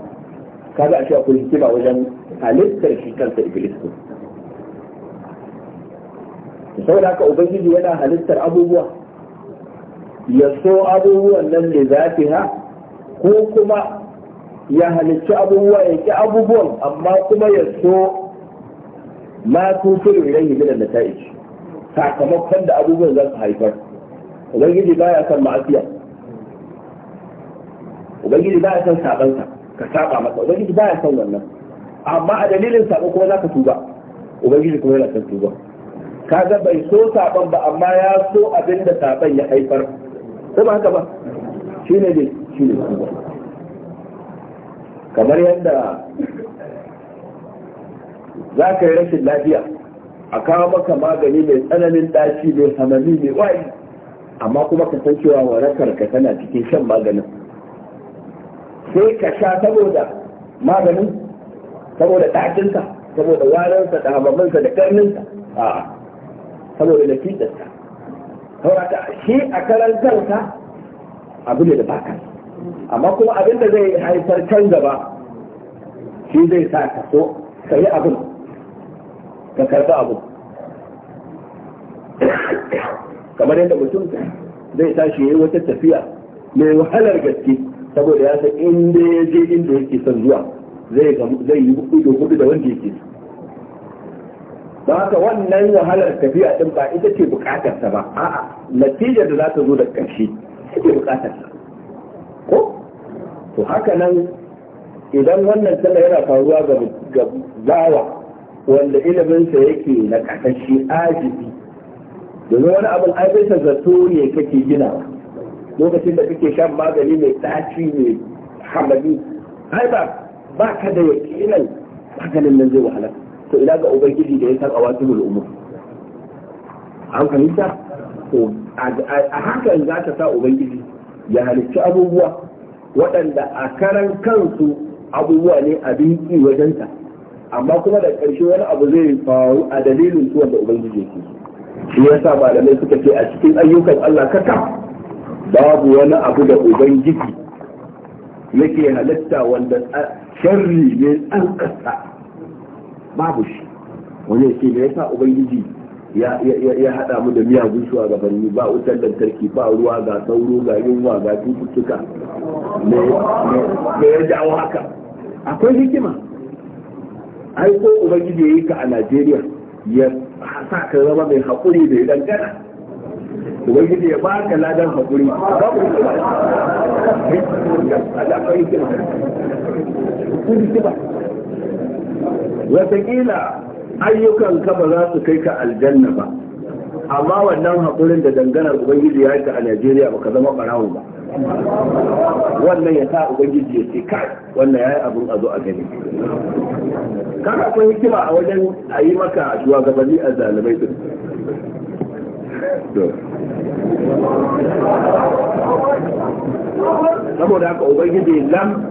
kaga a shi akwai hikima wajen halittar shi kansa iblis ne saboda haka ubangiji yana halittar abubuwa ya so abubuwan nan za zafi ha ko kuma ya halicci abubuwa ya ki abubuwan amma kuma ya so ma tufiru ilaihi min nataij sakamakon da abubuwan za su haifar ubangiji ba ya son ma'asiya ubangiji ba ya son sabansa ka saba masa ubangiji ba ya son wannan amma a dalilin sabo kuma za ka tuba ubangiji kuma yana son tuba kaga bai so saban ba amma ya so abin da saban ya haifar ko ba haka ba shi ne ne shi ne tuba kamar yadda za ka yi rashin lafiya a kawo maka magani mai tsananin ɗaci mai hamami mai wayi amma kuma ka san cewa warakar ka tana cikin shan maganin sai ka sha saboda maganin saboda ɗacinsa saboda warinsa da hamaminsa da ƙarninsa a saboda fitarsa saurata shi a karan kansa abu ne da baka amma kuma abin da zai haifar can gaba shi zai sa ka so ka yi abin ka karɓi abu kamar yadda mutum zai tashi yayi wata tafiya mai wahalar gaske saboda ya san inda ya je inda yake son zuwa zai yi hudu hudu da wanda yake ba haka wannan wahalar tafiya din ba ita ce bukatarsa ba a'a natijar da za ta zo da ƙarshe ita ce bukatarsa ko to haka nan idan wannan tana yana faruwa ga bawa wanda iliminsa yake na kakashi ajibi domin wani abin abinsa zato ne kake ginawa lokacin da kake shan magani mai tsaci mai hamadi ai ba ba ka da yakinan maganin nan zai wahala to ina ga ubangiji da ya san awatul umur an fahimta to a hakan za ta sa ubangiji ya halicci abubuwa waɗanda a karan kansu abubuwa ne abin ki wajenta. amma kuma da ƙarshe wani abu zai faru a dalilin su wanda ubangiji ke shi ya sa malamai suka ce a cikin ayyukan Allah kaka babu wani abu da ubangiji yake halitta wanda sharri ne an kasa babu shi wani yake me yasa ubangiji ya haɗa mu da miyagun shugabanni ba wutar lantarki ba ruwa ga sauro ga yunwa ga cututtuka me ya jawo haka akwai hikima ai ko ubangiji ya a najeriya ya sa ka zama mai haƙuri da ya dangana ubangiji ya baka ladan haƙuri babu hikima wataƙila ayyukan ka ba za su kai ka aljanna ba amma wannan haƙurin da danganar ubangiji ya ta a najeriya ba ka zama ɓarawo ba wannan ya sa ubangiji ya ce kai wannan ya yi abin a zo a gani kaga akwai hikima a wajen a yi maka shugabanni a zalimai din saboda haka ubangiji lam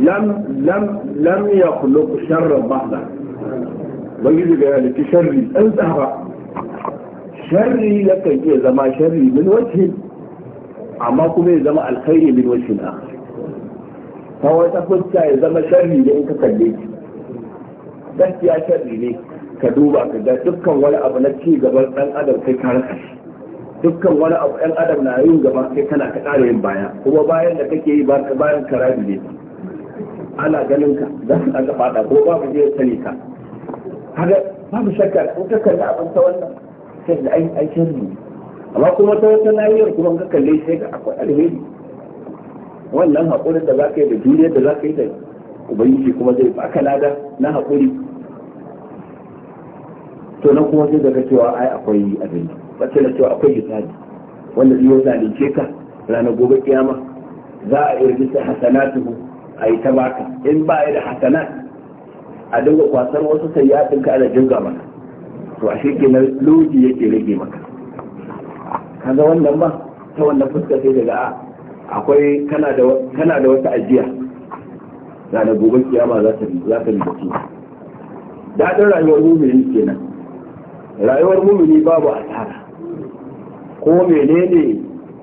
lam lam lam ya kulo sharrin bahda ubangiji ga ya halitta sharri ɗan tsara sharri yakan iya zama sharri min wace amma kuma ya zama alkhairi min wace na ta wata fuska ya zama sharri da in ka kalle shi gaskiya sharri ne ka duba ka ga dukkan wani abu na ci gaban dan adam kai ka rasa shi dukkan wani abu ɗan adam na yin gaba sai kana ka ƙara yin baya kuma bayan da kake yi bayan rabi ne ana ganin ka za su ɗaga fada ko babu zai sani ka kaga babu shakka ko ka kalli abin ta wannan sai da ai ai sharri amma kuma ta wata lahiyar kuma ka kalle sai ga akwai alheri wannan haƙurin da za ka yi da duniyar da za ka yi da ubangiji kuma zai baka lada na haƙuri to nan kuma sai daga cewa ai akwai abin bace na cewa akwai hisabi wanda zai zalunce ka ranar gobe kiyama za a yi rijistar hasanatuhu a yi ta baka in ba a yi da hasanat a dinga kwasar wasu sayyatin ka ana jirga maka to a na loji yake rage maka kaga wannan ba ta wannan fuska sai daga a. Ah, akwai kana da wata ajiya da na gobe kiyama za ta za ta mutu. dadin rayuwar mumini kenan rayuwar mumini babu asara ko menene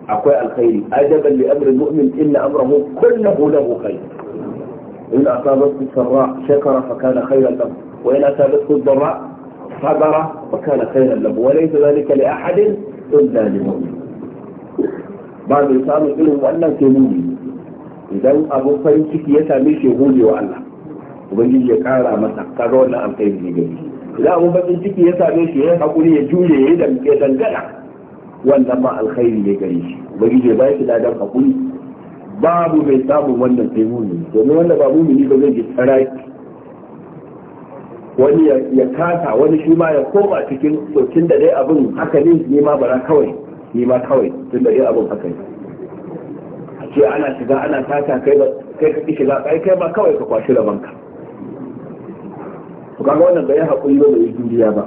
akwai alkhairi ajaban li amri mu'min inna amrahu kulluhu lahu khair in asabathu sarra shakara fa kana khayran lahu wa in asabathu dharra صبر فكان خيرا له وليس ذلك لأحد إلا لمؤمن بعد يسأل إلهم وأنه كموني idan abin farin ya same shi gode wa Allah ubangiji ya kara masa kaga wannan alkhairi ne gari idan abin bakin ciki ya same shi ya hakuri ya jure ya ya dangana wannan ma ya babu mai samun wannan sai muni domin wanda ba muni ba zai ji tsara wani ya kasa wani shi ma ya koma cikin tun da dai abin haka ne ni ma bara kawai ni ma kawai tun da dai abin haka ne a ce ana shiga ana sata kai ba kai ka ki shiga kai kai ba kawai ka kwashi rabanka to kaga wannan bai hakuri ba mai juriya ba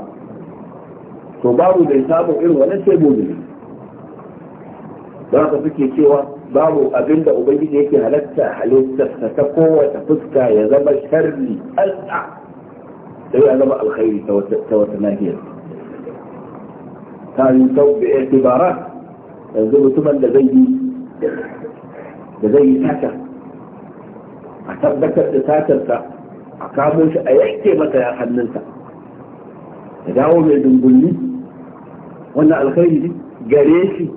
to babu bai samu irin wannan sai mumini ba ka suke cewa babu abin da ubangiji yake halatta halittarsa ta kowace fuska ya zama sharri al'a سوي أدب الخير سوى تناهير كان يتوب باعتبارات ينزل ثمن لزيدي لزيدي ساتا أتبكت لساتا أكاموش أيحكي متى يا حننسا تجاوه من دنبولي وانا الخير دي جريسي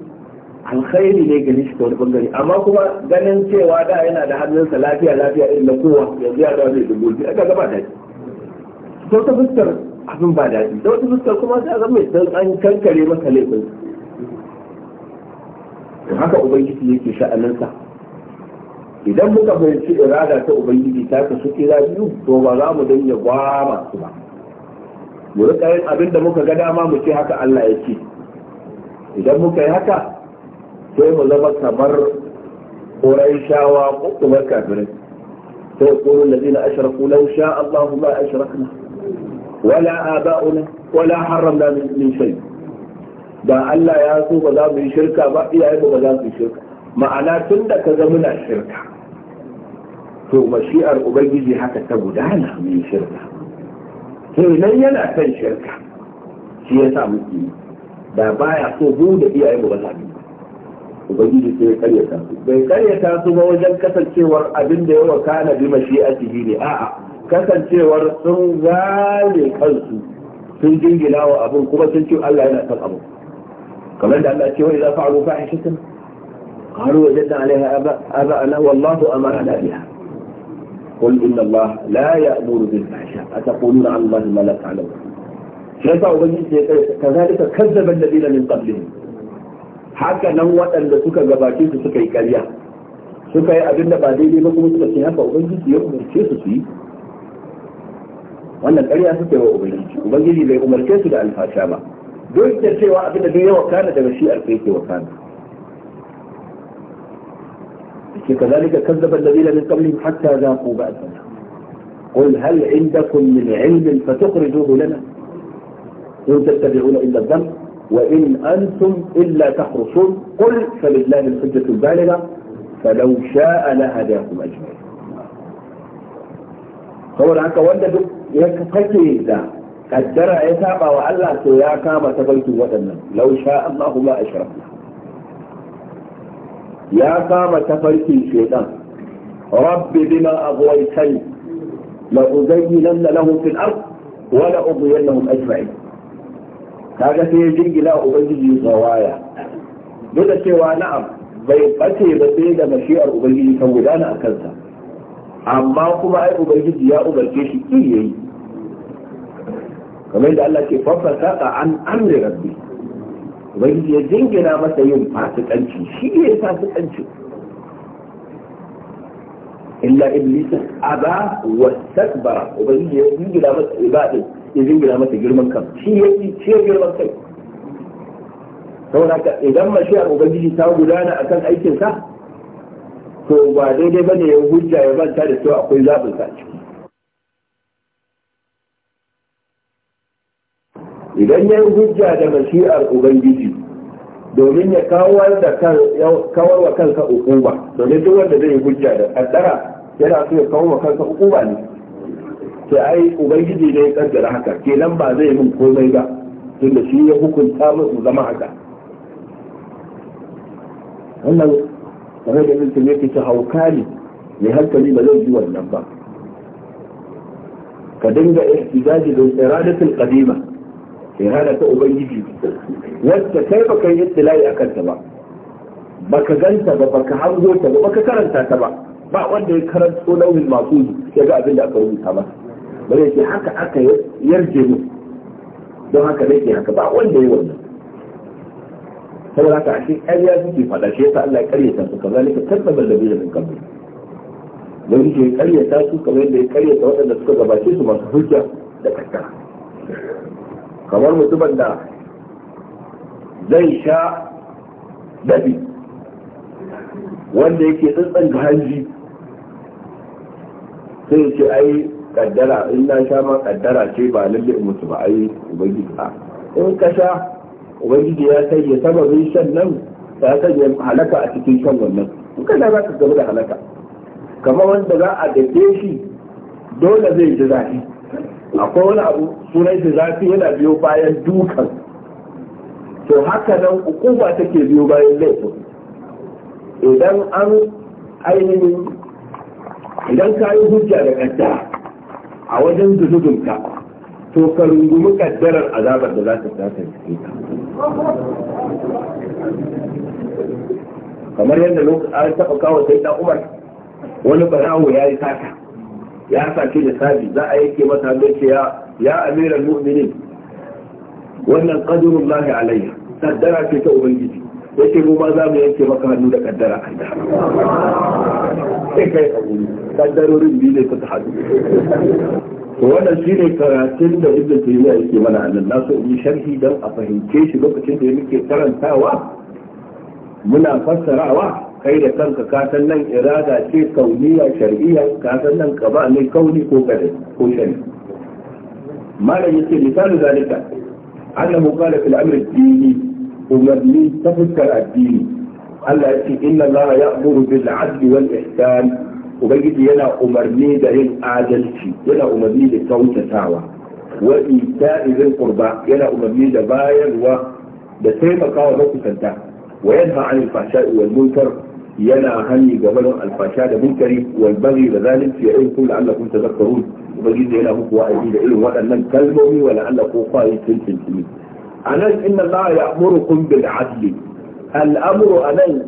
الخير ليه جريسي تقول بنجري أما كما جننسي وادا هنا ده حننسا لا فيها لا فيها إلا قوة يضيع دوا من دنبولي أكا كما تجي da wata fuskar abin ba daɗi da wata fuskar kuma sai a zama idan an kankare maka laifin haka ubangiji yake sha'aninsa idan muka fahimci irada ta ubangiji ta kasu kira biyu to ba za mu danya gwama masu ba mu rika yin abin da muka ga dama mu ce haka Allah ya ce idan muka yi haka sai mu zama kamar قريشاوا قطب الكافرين سيقول الذين أشركوا لو شاء الله ما أشركنا ولا آباؤنا ولا حرمنا من شيء Ba Allah ya so ba za mu yi shirka ba iyaye ba za su yi shirka ma'ana tun da ka zama na shirka to mashi'ar ubangiji haka ta gudana mu yi shirka kenan yana kan shirka shi ya sa muke yi da baya so mu da iyaye ba za mu ubangiji sai ya karyata su bai karyata su ba wajen kasancewar abin da ya wakana bi mashi'atihi ne a'a kasancewar sun gane kansu sun jingina wa abin kuma sun ce Allah yana son abu. kamar da Allah ce wani za fa'alu fahishatan qalu wajadna 'alayha aba'ana wallahu amara biha قل إن الله لا يأمر بالفحشاء أتقولون على الله ما لا تعلمون شيخ أبو كذلك كذب الذين من قبلهم haka nan waɗanda suka gabace su suka yi karya suka yi ba daidai ba kuma suka haka ya umarce su suyi. wannan ƙarya suke wa ubangiji ubangiji bai umarce su da alfasha ba duk da cewa abin da yawa kana daga shi alƙai ke wa kana ke kazalika kazzaba alladhina min qablihim hatta zaqu ba'sana qul hal indakum min ilmin fatukhrijuhu lana in tattabi'una illa dhanb wa in antum illa tahrusun qul falillahi al-hujjatu al-baligha falau sha'a lahadakum ajma'in saboda haka wanda duk ya kake da kaddara ya saba wa Allah to ya kama ta farkin waɗannan law sha Allahu ma ashraku ya kama ta tafarkin shaytan rabbi bima aghwaytani la uzayyinanna lahum fil ard wa la udhiyannahum ajma'in kaga sai ya jingila ubangiji waya. duk da cewa na'am bai bace ba sai da mashi'ar ubangiji kan gudana a kansa amma kuma ai ubangiji ya ubarke shi ki yayi kamar da Allah ke fafasa ka an amri rabbi ubangiji ya jingina masa yin fasikanci shi ne fasikanci illa iblis aba wa takbara ubangiji ya jingina masa ibadin ya jingina masa girman kan shi ya shi girman kai saboda idan mashiyar ubangiji ta gudana akan aikin sa to ba daidai ba ne ya hujja ya manta da cewa akwai zaɓin sa idan ya yi hujja da mashi'ar ubangiji domin ya kawar da kawar wa kansa ukuba domin duk wanda zai yi hujja da kaddara yana so ya kawar wa kansa ukuba ne sai ai ubangiji ne ya kaddara haka kenan ba zai min komai ba tunda shi ya hukunta mu zama haka wannan kamar da ne ka ci hauka ne mai hankali ba zai ji wannan ba ka dinga ihtijaji da iradatul qadima irada ta ubangiji wacce kai baka yi ittilai akan ta ba baka ganta ba baka hango ta ba baka karanta ta ba ba wanda ya karanto lauhin masu ya ga abin da aka rubuta ba bare ce haka aka yarje mu don haka nake haka ba wanda ya wannan saboda haka a cikin ƙarya suke faɗa shi yasa Allah ya ƙaryata su kaza ne ka tabbata da bin min kabri don shi ya ƙaryata su kamar yadda ya ƙaryata waɗanda suka gabace su masu hujja da kakkara kamar mutumin da zai sha dabi wanda yake tsantsan ga hanji sai ya ce ai kaddara in na sha ma kaddara ce ba lalle mutu ba ai ubangiji a in ka sha ubangiji ya sanya sababin shan nan ta sanya halaka a cikin shan wannan in da za ka gaba da halaka kamar wanda za a dake shi dole zai ji zafi akwai wani abu sunan shi zafi yana biyo bayan dukan to haka nan hukuma take biyo bayan laifin idan an ainihin idan ka yi hujja da kaddara a wajen zunubinka to ka rungumi kaddarar azabar da za ta ta ka kamar yadda lokacin an taɓa kawo sai ta umar wani barawo ya yi sata ya sake da sabi za a yake masa don ce ya amiran mu'minin wannan ƙadurun lahi alayya kaddara ce ta ubangiji yake mu ba za mu yanke maka hannu da kaddara a kai kai wuri kaddarorin biyu ne suka haɗu to wannan shine karatun da ibn taymiya yake mana annan na so in sharhi dan a fahimce shi lokacin da muke karantawa muna fassarawa kai da kanka ka san nan irada ce kauniya shar'iyya ka san nan kaba ne kauni ko kadai ko shari malam yace misalu zalika annahu qala fil amri dini umarni ta fuskar addini Allah ya ce inna Allah ya'muru bil adli wal ihsan ubangiji yana umarni da yin adalci yana umarni da kautatawa wa ita'i zin qurba yana umarni da bayarwa da taimakawa makusanta wa yanha an fahsha'i wal munkar yana hani ga barin alfasha da munkari wal baghi da zalunci ya in kullu kun tadhakkarun ubangiji yana muku wa'azi da irin waɗannan kalmomi wa la'allakum qa'idun tilkini anan inna allaha ya'murukum bil 'adli al-amru anan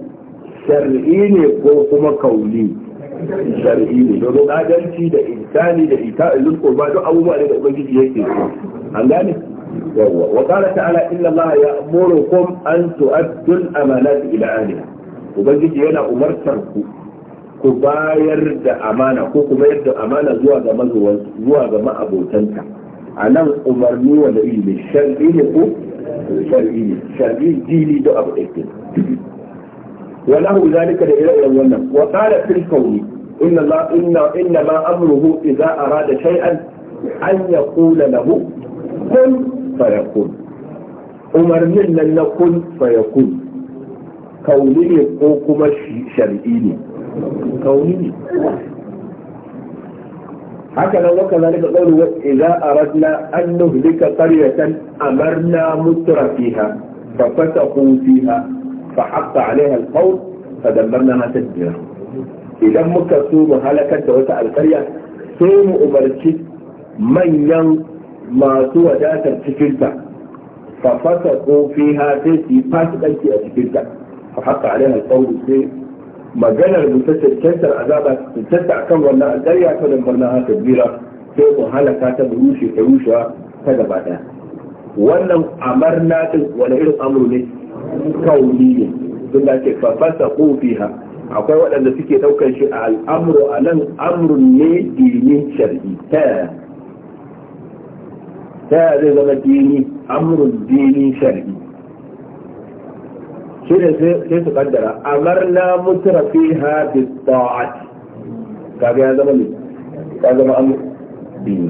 shar'i ne ko kuma kauli shar'i ne domin adalci da insani da ita ilul qurba duk abubuwa ne da ubangiji yake an gane yawa wa qala ta'ala inna allaha ya'murukum an tu'addu al-amanati ila ahliha ubangiji yana umartar ku ku bayar da amana ko ku bayar da amana zuwa ga mazuwan zuwa ga ma'abotanta a nan umarni wanda ne shar'i ne ko shar'i ne shar'i dini da abu ɗaya وله ذلك الى الله وقال في الكون إن الله إن إنما أمره إذا أراد شيئا أن يقول له كن فيكون أمرنا أن كن فيكون كونه قوكم شرعيني كونه هكذا وكذلك قالوا إذا أردنا أن نهلك قرية أمرنا متر فيها ففتقوا فيها فحط عليها القول فدمرناها ما إذا مكة سوم هلكت وسأل قرية سوم أبرشت من ين ما سوى ذات الشكلتا ففسقوا فيها تيسي فاسقنتي الشكلتا فحط عليها القول السيء ما جنى المسلسل كسر عذابك تتسع كم ولا قرية فدمرنا ما تدمر سوم هلكت بروشي كروشها كذا بعدها ولو أمرنا ولا إلو أمر نسي kauniyin sun da ke fafasa fiha akwai waɗanda suke ɗaukar shi a al'amuru a nan amurin ne dinin shar'i ta ta zai zama dini amurin dinin shar'i shi ne sai su kaddara amarna mutura fiha bi ta'at kaga ya zama ne ya zama amur dini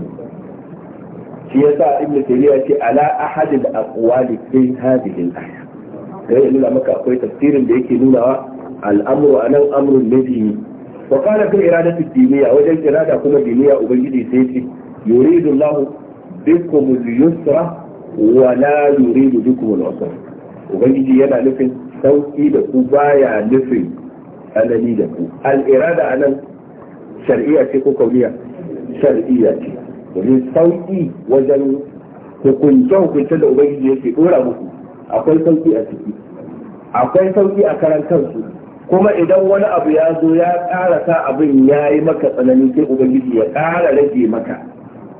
shi yasa ibnu tayyiba ce ala ahad al-aqwali fi hadhihi al-aya dan ya nuna maka akwai tafsirin da yake nunawa al'amru anan amrun nabi wa qala irada iradati diniya wajen irada kuma diniya ubangiji sai ce yuridu Allah bikum al-yusra wa la yuridu bikum al ubangiji yana nufin sauki da ku baya nufin alali da ku al'irada a nan shar'iyya ce ko kauliya shar'iyya ce domin sauki wajen hukunce hukunce da ubangiji yake dora muku akwai sauki a ciki akwai sauki a karan kansu kuma idan wani abu ya zo ya ƙara sa abin ya yi maka tsanani sai ubangiji ya ƙara rage maka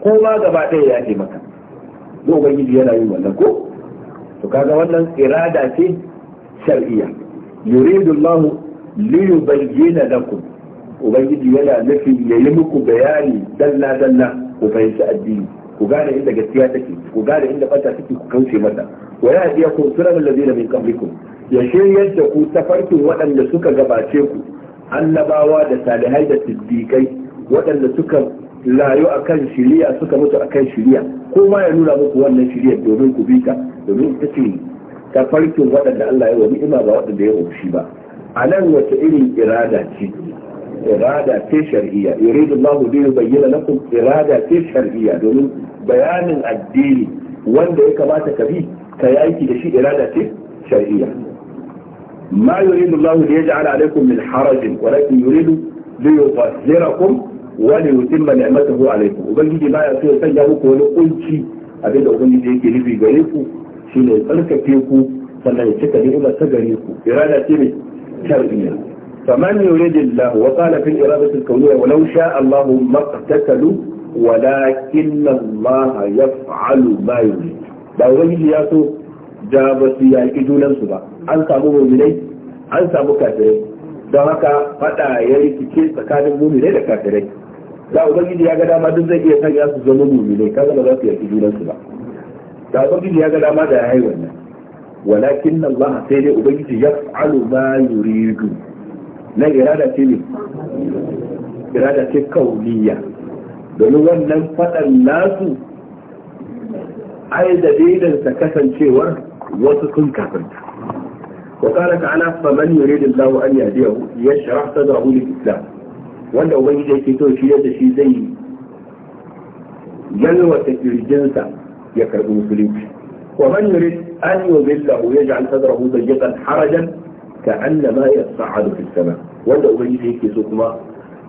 ko ma gaba ɗaya ya ce maka ko ubangiji yana yin wannan ko to kaga wannan irada ce shar'iyya yuridu Allah li yubayyana lakum ubangiji yana nufin yayi muku bayani dalla dalla ku fahimci addini ku gane inda gaskiya take ku gane inda bata take ku kauce mata wa ya hadiya kun sunan allazina min qablikum ya shiryar da ku tafarkin waɗanda suka gabace ku annabawa da salihai da siddiqai waɗanda suka rayu akan shiriya suka mutu akan shiriya ko ma ya nuna muku wannan shiriya domin ku bika domin ita ce tafarkin waɗanda Allah ya wa ni'ima ba waɗanda ya hoshi ba a nan wace irin irada ce إرادة شرعية يريد الله دي يبين لكم إرادة شرعية دون بيان الدين وان ده كبات كبير كيأيتي لشيء إرادة شرعية ما يريد الله ليجعل عليكم من حرج ولكن يريد ليغذركم وليتم نعمته عليكم وبالجي ما يصير سيجاوك ولقلتي أبدا أغني دي كليبي غريكو شيني الفلسكيكو فلن يتكلم لتغريكو إرادة شرعية فمن يريد الله وقال في الإرادة الكونية ولو شاء الله ما اقتتلوا ولكن الله يفعل ما يريد da ubangiji ya so da ba su yaƙi مؤمنين ba an samu don haka fada ya rikice tsakanin muminai da kafirai da ubangiji ya ga dama duk zai iya sanya su zama muminai kaga zama za su yaƙi junansu ba da ubangiji ya ga dama da ya wannan walakin sai dai ubangiji ya fa'alu ma yuridu na irada ce ne irada ce kauniya domin wannan faɗan nasu ai dalilin sa kasancewar wasu sun kafinta وقال تعالى فمن يريد الله ان يهديه يشرح صدره للاسلام wanda ubangiji yake to shi yadda shi zai yalwata kirjinsa ya karbi musulunci wa man yurid an yudillahu yaj'al sadrahu dayyqan harajan ka annama ya sa'adu fi sama wanda ubangiji yake so kuma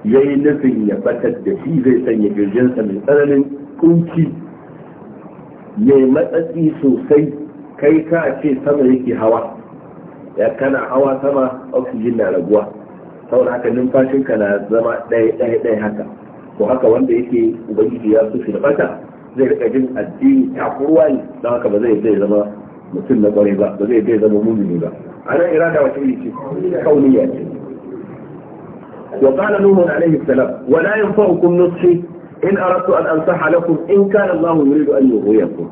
yayi nufin ya fatar da shi zai sanya girjinsa mai tsananin kunci mai matsatsi sosai kai ka ce sama yake hawa ya kana hawa sama oxygen na raguwa saboda haka numfashinka na zama ɗaya ɗaya ɗaya haka to haka wanda yake ubangiji ya so shi da fata zai rika jin addini takurwa ne don haka ba zai zama mutum na kwarai ba ba zai zama mumini ba على إرادة وتويتي كونية وقال نوح عليه السلام ولا ينفعكم نصحي إن أردت أن أنصح لكم إن كان الله يريد أن يغويكم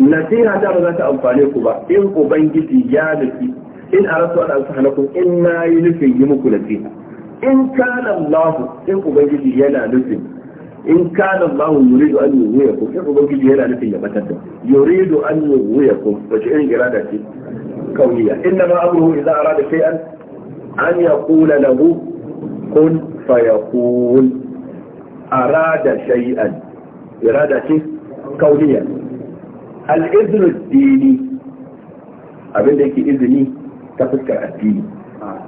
نسيها ترى ذات أنفالكم إن أبنجتي يا نسي إن أردت أن أنصح لكم إما ينفي يمك نسيها إن كان الله إن أبنجتي يا نسي إن كان الله يريد أن يغويكم إن أبنجتي يا نسي يريد أن يغويكم وجئين إرادتي كونية إنما أمره إذا أراد شيئا أن يقول له كن فيقول أراد شيئا إرادة كونية الإذن الديني أبين لك إذني تفكر الديني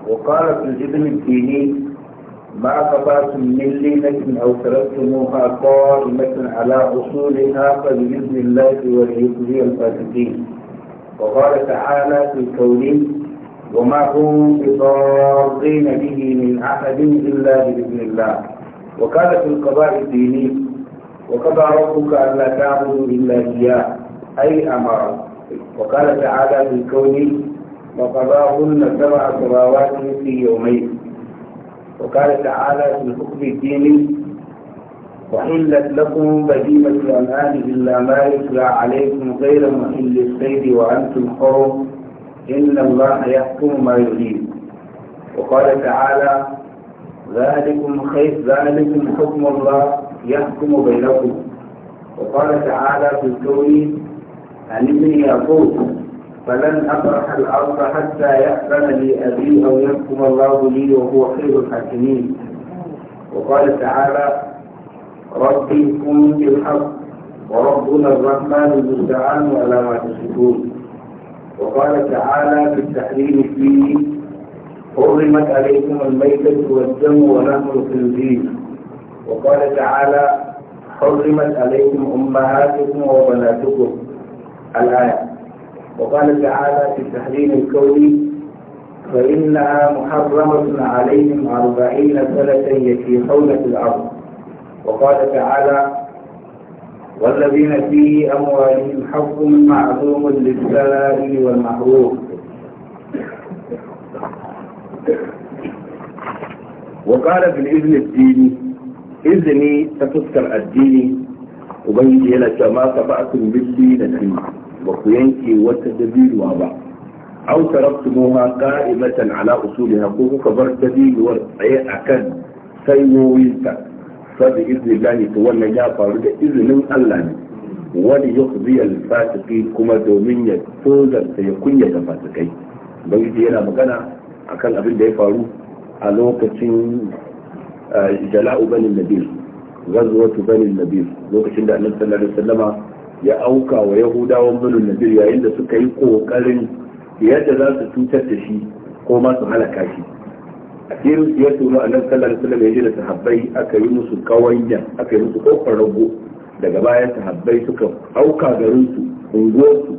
وقال في الإذن الديني ما قطعتم من لينة أو تركتموها قائمة على أصولها فبإذن الله وليجزي الفاسقين وقال تعالى في كونه وما هم بضارين به من أحد إلا بإذن الله وكان في القضاء الديني وقضى ربك ألا تعبدوا إلا إياه أي أمر وقال تعالى في الكون وقضاهن سبع صلوات في يومين وقال تعالى في الحكم الديني وحلت لكم بهيمة الأمان إلا ما يتلى عليكم غير محل الصيد وأنتم حرم إن الله يحكم ما يريد وقال تعالى ذلكم خير ذلكم حكم الله يحكم بينكم وقال تعالى في الكون عن ابن يعقوب فلن أبرح الأرض حتى يأذن لي أبي أو يحكم الله لي وهو خير الحاكمين وقال تعالى ربي كن بالحق وربنا الرحمن المستعان على ما تشركون وقال تعالى في التحريم فيه حرمت عليكم الميتة والدم ولحم الخنزير وقال تعالى حرمت عليكم أمهاتكم وبناتكم الآية وقال تعالى في التحريم الكوني فإنها محرمة عليهم أربعين سنة يتيحون في الأرض وقال تعالى والذين فيه أموالهم حق معلوم للسائل والمحروم وقال في الإذن الديني إذني ستذكر الديني وبيجي لك ما طبعتم بالدين الدين وقينك وتدبيل وابا أو تركتموها قائمة على أصولها كوكو كبرت دين أكد أكن fa bi iznillahi to wannan ya faru da izinin Allah ne wani yukhzi al-fasiqi kuma domin ya tozarta ya kunya da fasikai ubangiji yana magana akan abin da ya faru a lokacin eh, jala'u bani nabil ghazwatu bani nabil lokacin da annabi sallallahu alaihi wasallama ya auka wa yahudawan bani nabil yayin da suka yi kokarin yadda za su cutar da shi ko ma su halaka shi su ya tuno a nan sallar sallar ya jira da sahabbai aka yi musu kawanya aka yi musu kofar rago daga bayan sahabbai suka auka garinsu unguwarsu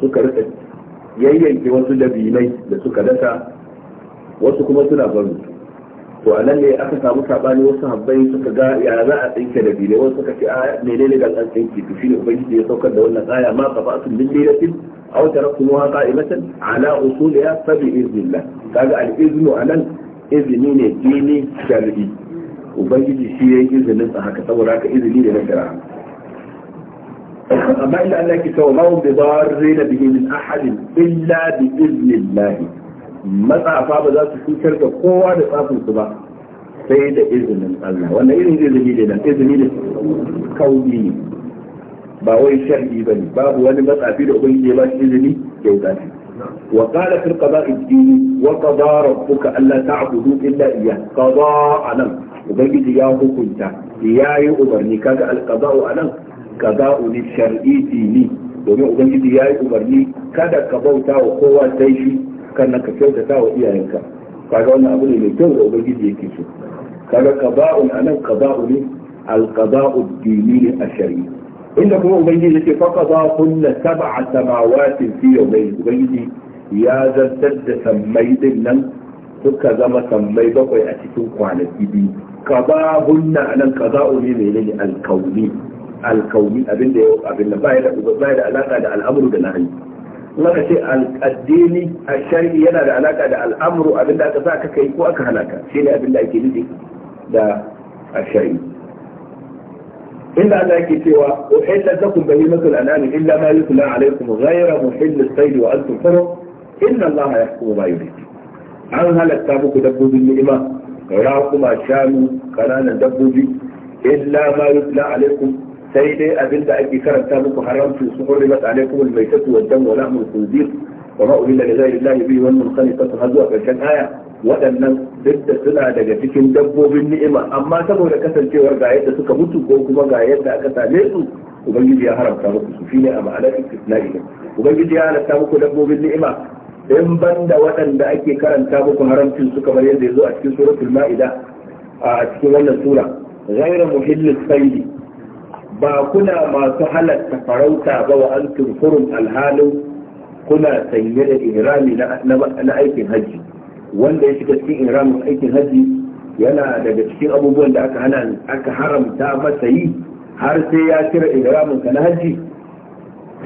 suka rika yayyanke wasu dabinai da suka dasa wasu kuma suna barin su to a nan ne aka samu sabani wasu habbai suka ga ya za a tsinke da bile wasu suka ce a menene a an tsinke to shine ubangiji ya saukar da wannan aya ma ka fa'atul min lilatin aw taraktumuha qa'imatan ala usuliha fa bi iznillah kaga al iznu anan izini ne dini shar'i ubangiji shi ya izinin sa haka saboda haka izini ne na shari'a amma inda Allah ke cewa ma bi darrin bihi min ahadin illa bi matsafa ba za su cutar da kowa da tsafinsu ba sai da izinin Allah wanda irin izini ne nan izini ne kauli ba wai shar'i ba ne babu wani matsafi da ubangiji ya ba shi izini ya yi tsafi wa qala fil qada'i dini wa qada rabbuka alla ta'budu illa iyyah qada anan ubangiji ya hukunta ya yi umarni kaga al qada'u anan qada'u li shar'i dini domin ubangiji ya yi umarni kada ka bauta wa kowa sai shi sannan ka kyautata wa iyayenka kaga wannan abu ne mai kyau da ubangiji yake so kaga qada'un anan qada'u ne al-qada'u ad-dini al-shar'i inda kuma ubangiji yake fa qada kullu sab'a samawatin fi yawmayn ubangiji ya zartar da sammai din nan suka zama sammai bakwai a cikin kwanaki biyu qada'unna anan qada'u ne mai ne al-kauni al-kauni abinda abinda bai da bai da alaka da al'amuru da nahyi maka ce addini al shari'i yana da alaka da al'amru abinda aka sa aka kai ko aka halaka shi ne abinda ake nufi da al shari'i inda Allah yake cewa wa illa takum bahimatul anani illa ma yusla alaykum ghayra muhill as-sayd wa antum faru inna Allah yahkumu ma yurid an halatta muku dabbobin ni'ima ra kuma shanu kananan dabbobi illa ma yusla alaykum sai dai abinda ake karanta muku haramci su hore mata alaikum almaitatu wad dam wa lahmul khinzir wa ma uhilla li ghayri allahi bihi wal munqanitatu har zuwa karshen aya waɗannan duk da suna daga cikin dabbobin ni'ima amma saboda kasancewar ga yadda suka mutu ko kuma ga yadda aka same su ubangiji ya haramta muku su shine a ma'anar istisna'i ubangiji ya halatta muku dabbobin ni'ima in banda waɗanda ake karanta muku haramcin su kamar yadda ya zo a cikin suratul ma'ida a cikin wannan sura ghayra muhillis sayyidi ba kuna masu halatta farauta ba wa an hurum alhalin kuna sanye da ihrami na aikin hajji wanda ya shiga cikin ihramin aikin hajji yana daga cikin abubuwan da aka hana aka haramta masa yi har sai ya cire ihramin ka na hajji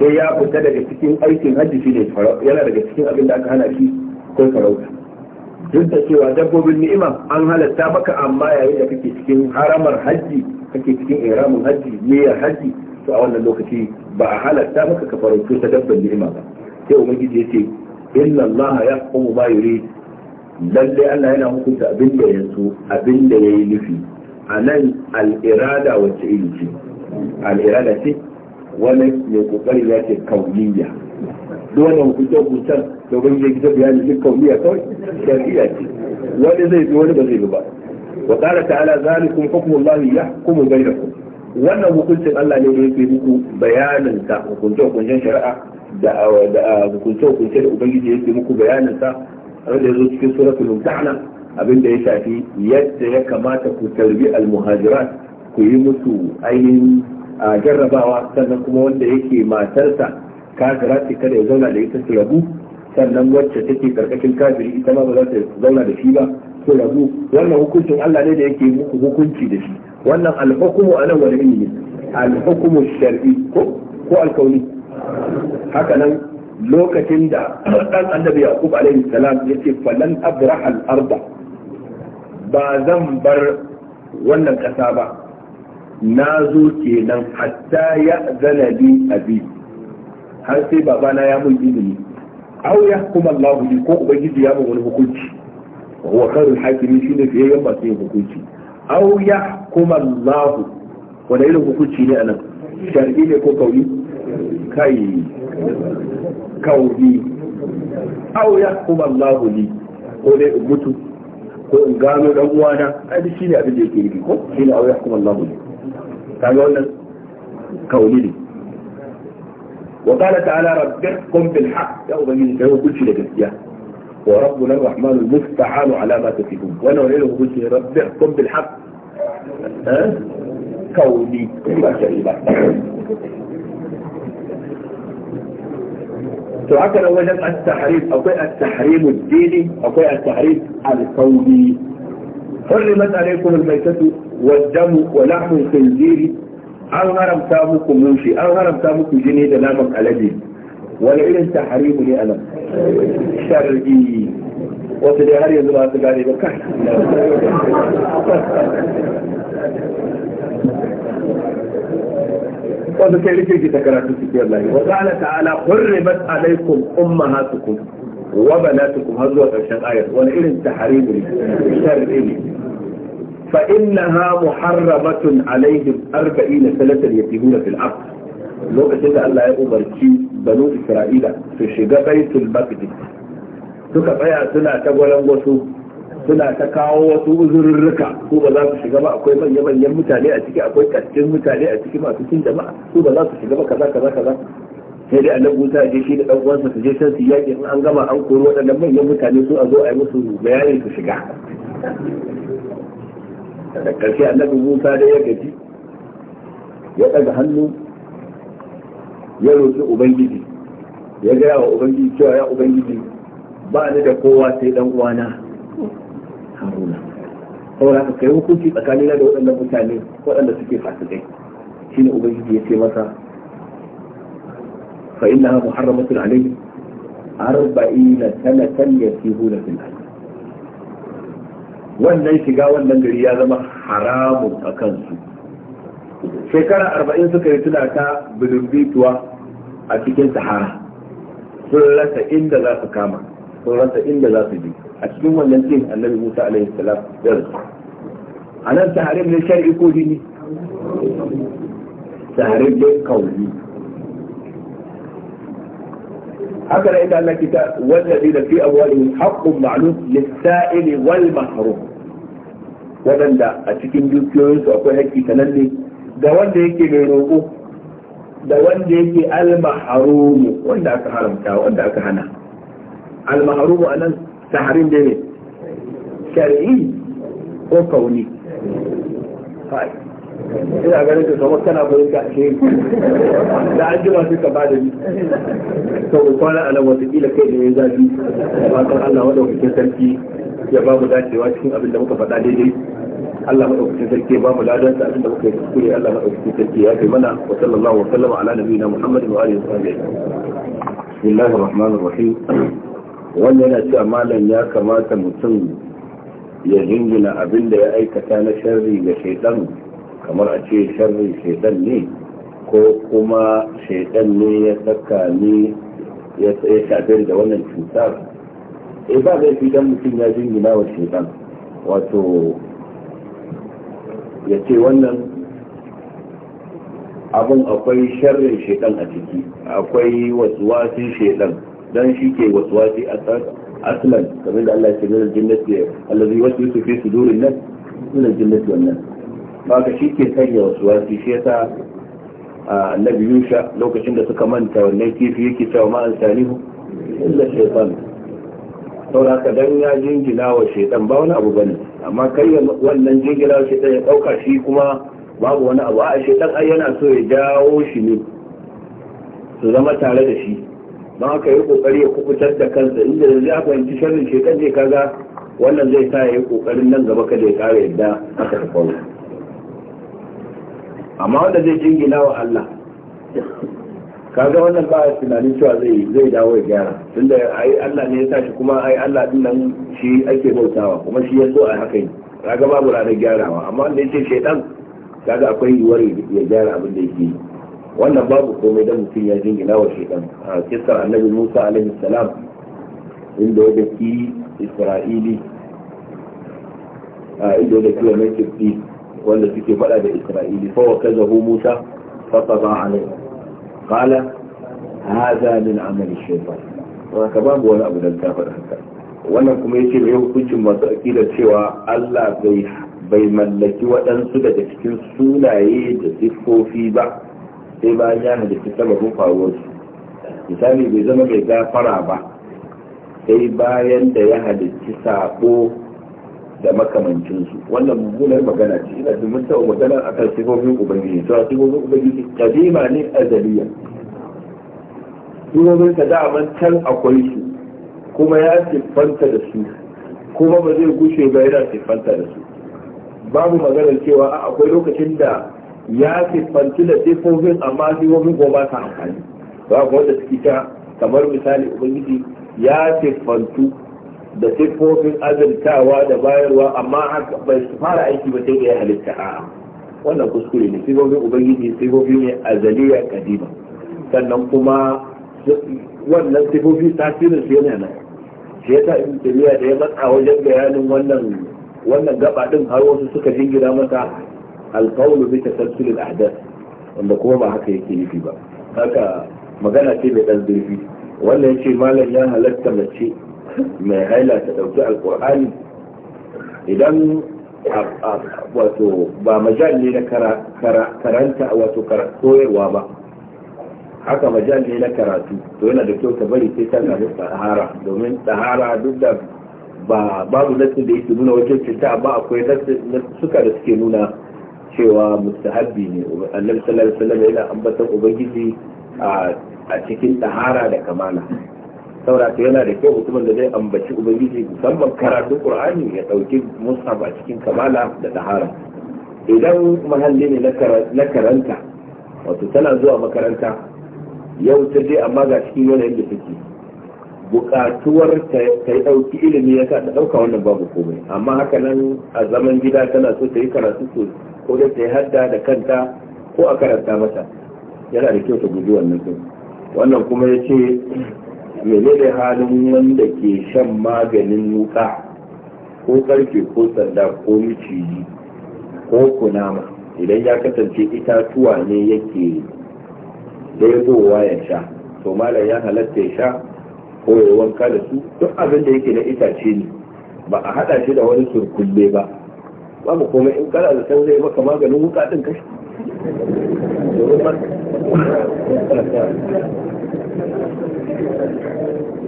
sai ya fita daga cikin aikin hajji shi ne yana daga cikin abin da aka hana shi ko farauta duk da cewa dabbobin ni'ima an halatta maka amma yayin da kake cikin haramar hajji kake cikin iramin hajji niyyar hajji to a wannan lokaci ba a halatta maka ka farauto ta dabban ni'ima ba sai ubangiji yace inna Allah ya kuma ba yuri lalle Allah yana hukunta abin da ya so abin da yayi nufi anan nan al'irada wacce iri ce al'irada ce wani mai kokari ya ce kauniya duk wannan mu hukuncen da ubangiji ya bayani dukkan kauniya kawai shafiya ce wani zai bi wani ba zai bi ba wa qala ta'ala zalikum hukmullahi yahkumu bainakum wannan hukuncin Allah ne da yake muku bayanin hukunce hukuncen shari'a da da hukunce hukunce da ubangiji yake muku bayanin sa wanda yazo cikin suratul mumtahana abinda ya shafi yadda ya kamata ku tarbi al ku yi musu ainihin jarrabawa sannan kuma wanda yake matarsa kafira ce kada ya zauna da ita su rabu sannan wacce take karkashin kafiri ita ma ba za ta zauna da shi ba ko rabu wannan hukuncin Allah ne da yake muku hukunci da shi wannan alhukumu anan wani ne alhukumu shar'i ko ko alkauni haka nan lokacin da dan annabi yaqub alaihi salam yace falan abraha al-arda ba zan bar wannan kasa ba na zo kenan hatta ya zana bi abi har sai babana ya mun izini aw kuma Allah bi ko ubangiji ya wani hukunci wa huwa kharul hakimi shine fiye yan masu sai hukunci aw kuma Allah wanda irin hukunci ne anan shar'i ne ko kauli kai kauli aw kuma Allah ni ko dai mutu ko in gano dan uwana ai shine abin da yake yi ko shine aw kuma Allah ne kaga wannan kauli ne وقال تعالى ربكم بالحق يا من كيف كل شيء لجسيا وربنا الرحمن المستعان على ما تفيدون وانا وليله كل شيء ربكم بالحق ها كوني ما شيء لا تعكر أولا التحريم أقوى التحريم الديني أقوى التحريم الكوني حرمت عليكم الميتة والدم ولحم الخنزير an haramta muku mushi an haramta muku jini da naman alade wani irin taharimu ne anan shar'i wasu dai har yanzu ba su gane ba kai wasu kai rike ki ta karatu su kiyar lahi wa ta'ala ta'ala hurribat alaikum ummahatukum wa banatukum har zuwa karshen ayar wani irin taharimu ne shar'i ne فإنها محرمة عليهم أربعين سنة يتيهون في العقل لو أجد الله يأمر كي بنو إسرائيل في شجاع بيت المقدس suka tsaya suna ta gwalan suna ta kawo wasu uzurrurruka su ba za su shiga ba akwai manya-manyan mutane a ciki akwai mutane a ciki masu cin jama'a su ba za su shiga ba kaza kaza kaza sai dai annabi Musa je shi da dan uwansa su je san su yaƙi in an gama an koro waɗannan manyan mutane su a zo a yi musu bayani su shiga ƙarfi a annabi musa da ya gaji ya ɗaga hannu ya roƙi ubangiji ya gaya wa ubangiji cewa ya ubangiji ba ni da kowa sai dan uwana haruna saboda ka kai hukunci tsakanina da waɗannan mutane waɗanda suke fasikai shine ubangiji ya ce masa fa innaha muharramatun alayhi arba'ina sanatan yasihuna fil ard wannan shiga wannan gari ya zama haramun a kansu shekara arba'in suka yi suna ta bilimbituwa a cikin sahara sun rasa inda za su kama sun rasa inda za su bi a cikin wannan cin annabi musa alaihi salam ya rasu a nan saharin ne shari'i ko dini saharin ne kauli haka da inda Allah kita wanda da fi abwalihim haqqun ma'lum lis-sa'ili wal mahrum waɗanda a cikin dukiyoyinsu akwai haƙƙi ne. da wanda yake mai roƙo da wanda yake almaharumu wanda aka haramta wanda aka hana almaharumu a nan saharin da ne shari'i ko kauni ina ganin da kamar kana bayan ka ce da an jima suka ba da ni to kwana a nan wata kila kai da ya zafi ba kan Allah wanda kake sarki ya ba mu dacewa cikin abin da muka faɗa daidai Allah madaukakin sarki ya babu ladan sa abin da muka yi kuskure Allah madaukakin sarki ya kai mana wa sallallahu wa sallama ala nabiyina Muhammad wa alihi wa sahbihi bismillahir rahmanir rahim wannan yana cewa malam ya kamata mutum ya jingina abin da ya aikata na sharri ga shaidan kamar a ce sharri shaidan ne ko kuma shaidan ne ya saka ni ya shafe da wannan cutar eh ba zai fi dan mutum ya jingina wa shaitan wato ya ce wannan abun akwai sharrin shaitan a ciki akwai wasuwasin shaitan dan shi ke wasuwasi a aslan kamar da Allah ya ce min aljannati allazi waswisu fi sudurin nan min jinnati wannan ba ka shi ke sanya wasuwasi shi yasa annabi Yusha lokacin da suka manta wannan kifi yake cewa ma an salihu illa shaytan saboda ka dan ya jingina wa shedan ba wani abu bane amma kai wannan jingina wa ya dauka shi kuma babu wani abu a shedan ai yana so ya jawo shi ne su zama tare da shi ba haka yi kokari ya kukutar da kansa inda da zai fahimci sharrin shedan ne kaga wannan zai sa ya yi kokarin nan gaba kada ya kara yadda aka da amma wanda zai jingina wa Allah kaga wannan ba a tunanin cewa zai zai dawo ya gyara tunda ai Allah ne ya sa kuma ai Allah din nan shi ake bautawa kuma shi yazo a haka ne kaga babu ranar gyarawa amma wanda yake shedan kaga akwai yuwar ya gyara abin da yake wannan babu komai da mutum ya jingina wa shedan a kisar annabi Musa alaihi salam inda ya ki Isra'ili a inda ya ki, wannan kirki wanda suke faɗa da Isra'ili fa wa kazahu Musa fa qada alaihi qala hadha min amali shaytan haka babu wani abu da ta wannan kuma yace mai hukuncin masu akida cewa Allah bai bai mallaki waɗansu daga cikin sunaye da siffofi ba sai bayan ya halitta sababin faruwarsu misali bai zama mai gafara ba sai bayan da ya halicci sako da makamancinsu wannan mummunar magana ce ina jin mun taɓa magana kan sifofin ubangiji to sifofin ubangiji kadima ne azaliya sifofin ka daman can akwai su kuma ya siffanta da su kuma ba zai gushe ba yana siffanta da su babu maganar cewa akwai lokacin da ya siffanci da sifofin amma sifofin ko ba ta amfani ba wanda suke ta kamar misali ubangiji ya siffantu da siffofin azantawa da bayarwa amma bai su fara aiki ba sai ya halitta a wannan kuskure ne siffofin ubangiji siffofi ne azaliya kadima sannan kuma wannan siffofi tasirin su yana nan shi yasa ibn tabiya da ya matsa wajen bayanin wannan wannan gaba din har wasu suka jingira mata alqawlu bi tasalsul al-ahdath wanda kuma ba haka yake nufi ba haka magana ce mai dan zurfi wannan ce malam ya halatta mace mai haila ta ɗauki alkur'ani idan wato ba majal ne na karanta wato koyarwa ba haka majal ne na karatu to yana da kyau ta bari sai ta sami tsahara domin tsahara duk da ba babu nasu da yake nuna wajen cuta ba akwai suka da suke nuna cewa mustahabbi ne annabi sallallahu alaihi wasallam yana ambaton ubangiji a cikin tsahara da kamala saboda yana da kyau mutumin da zai ambaci ubangiji musamman karatun qur'ani ya dauki mushaf a cikin kamala da tahara idan mahalli ne na karanta wato tana zuwa makaranta yau ta je amma ga cikin yanayin da take bukatuwar ta yi dauki ilimi ya sa ta dauka wannan babu komai amma haka nan a zaman gida tana so ta yi karatu so ko da ta yi hadda da kanta ko a karanta mata yana da kyau ta guji wannan wannan kuma ya ce Mene da halin wanda ke shan maganin wuka ko karfe ko sanda ko miciji ko kunama idan ya kasance itatuwa ne yake daidowa ya sha to malam ya halatta ya sha ko ya wanka da su duk abin da yake na itace ne ba a haɗa shi da wani surkulle ba babu komai in kana da san zai maka maganin wuka ɗin kashi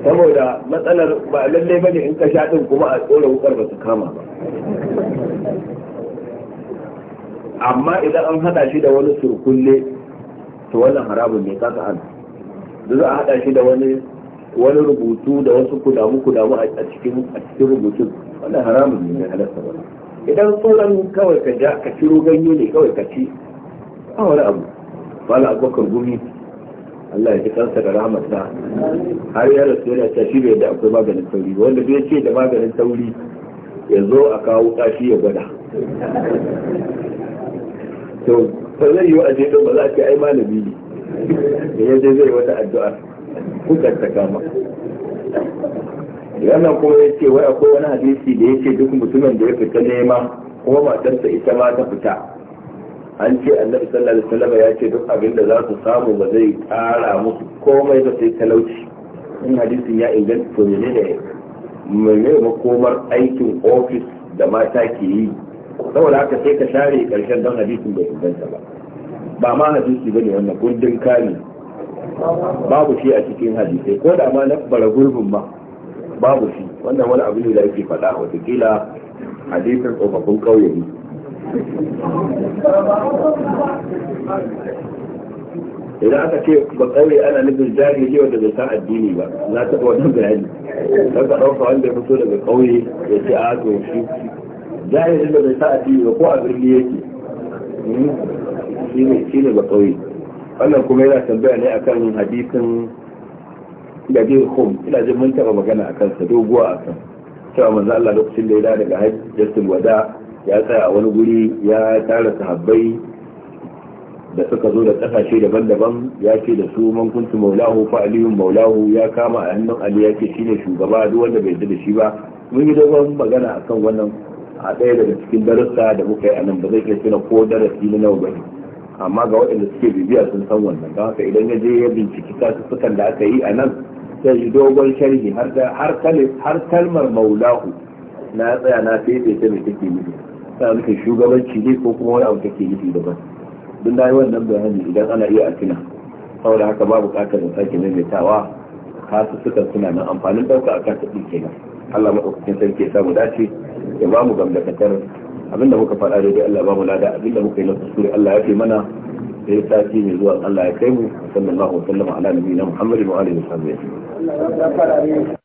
saboda matsalar ba lallai bane in ka sha din kuma a tsora wukar ba su kama ba amma idan an hada shi da wani surkulle to wannan haramun mai kasa an da za a hada shi da wani wani rubutu da wasu kudamu kudamu a cikin a cikin rubutun wannan haramun ne mai halarta ba idan tsoron kawai ka ja ka ciro ganye ne kawai ka ci ba wani abu bala abokan gumi Allah ya ji kansa da rahmatsa har ya rasu yana ta shi bai da akwai maganin sauri, wanda bai ce da maganin sauri ya zo a kawo kashi ya gwada to ba zai yi wa aje ba za a ce ai malami ne da yadda zai wata addu'a kukan ta kama yana kuma ya ce wai akwai wani hadisi da ya ce duk mutumin da ya fita nema kuma matarsa ita ma ta fita an ce annabi sallallahu alaihi wasallam ya ce duk abin da za su samu ba zai kara musu komai ba sai talauci in hadisin ya inganta to ne ne mene makomar aikin ofis da mata ke yi saboda haka sai ka share karshen don hadisin bai inganta ba ba ma hadisi bane wannan gundin kani babu shi a cikin hadisai ko da ma na bara gurbin ma babu shi wannan wani abu ne da yake faɗa wata kila hadisin tsofaffin ƙauye ne idan aka ce ba kauye ana nufin jahili wanda bai san addini ba za ta ga wannan bayani kan ka ɗauka wanda ya fito daga kauye ya ce a ah, to shi jahili da bai san addini ba ko a birni yake hmm? shi ne ba kauye wannan kuma yana tambaya ne akan hadisin da bai hum ina jin mun taɓa magana a kansa doguwa kan cewa manzo Allah lokacin da ya dawo daga hajjatul wada ya tsaya a wani guri ya tara sahabbai da suka zo da kasashe daban-daban ya ce da su man kuntu maulahu fa aliyun maulahu ya kama a hannun ali ya ce shine shugaba duk wanda bai da shi ba mun yi dogon magana akan wannan a ɗaya daga cikin darussa da muka yi a nan ba zai iya tuna ko darasi na nawa bane amma ga waɗanda suke bibiya sun san wannan don haka idan ya je ya binciki kasussukan da aka yi a nan sai yi dogon sharhi har kalmar maulahu na tsaya na fefe ta mai take nufi tana nufin shugabanci ne ko kuma wani abu take nufi daban duk da wannan bayani idan ana iya a tuna saboda haka ba bukatar da sake maimaitawa kasu suka suna nan amfanin dauka a kasa ɗin kenan Allah maɗaukakin sarki ya samu dace ya ba mu gamdakatar abinda muka faɗa daidai Allah ba mu lada abinda muka yi na kuskure Allah ya fi mana da ya sati mai zuwa Allah ya kai mu sallallahu alaihi wa sallam ala nabiyina Muhammadin wa alihi wa sahbihi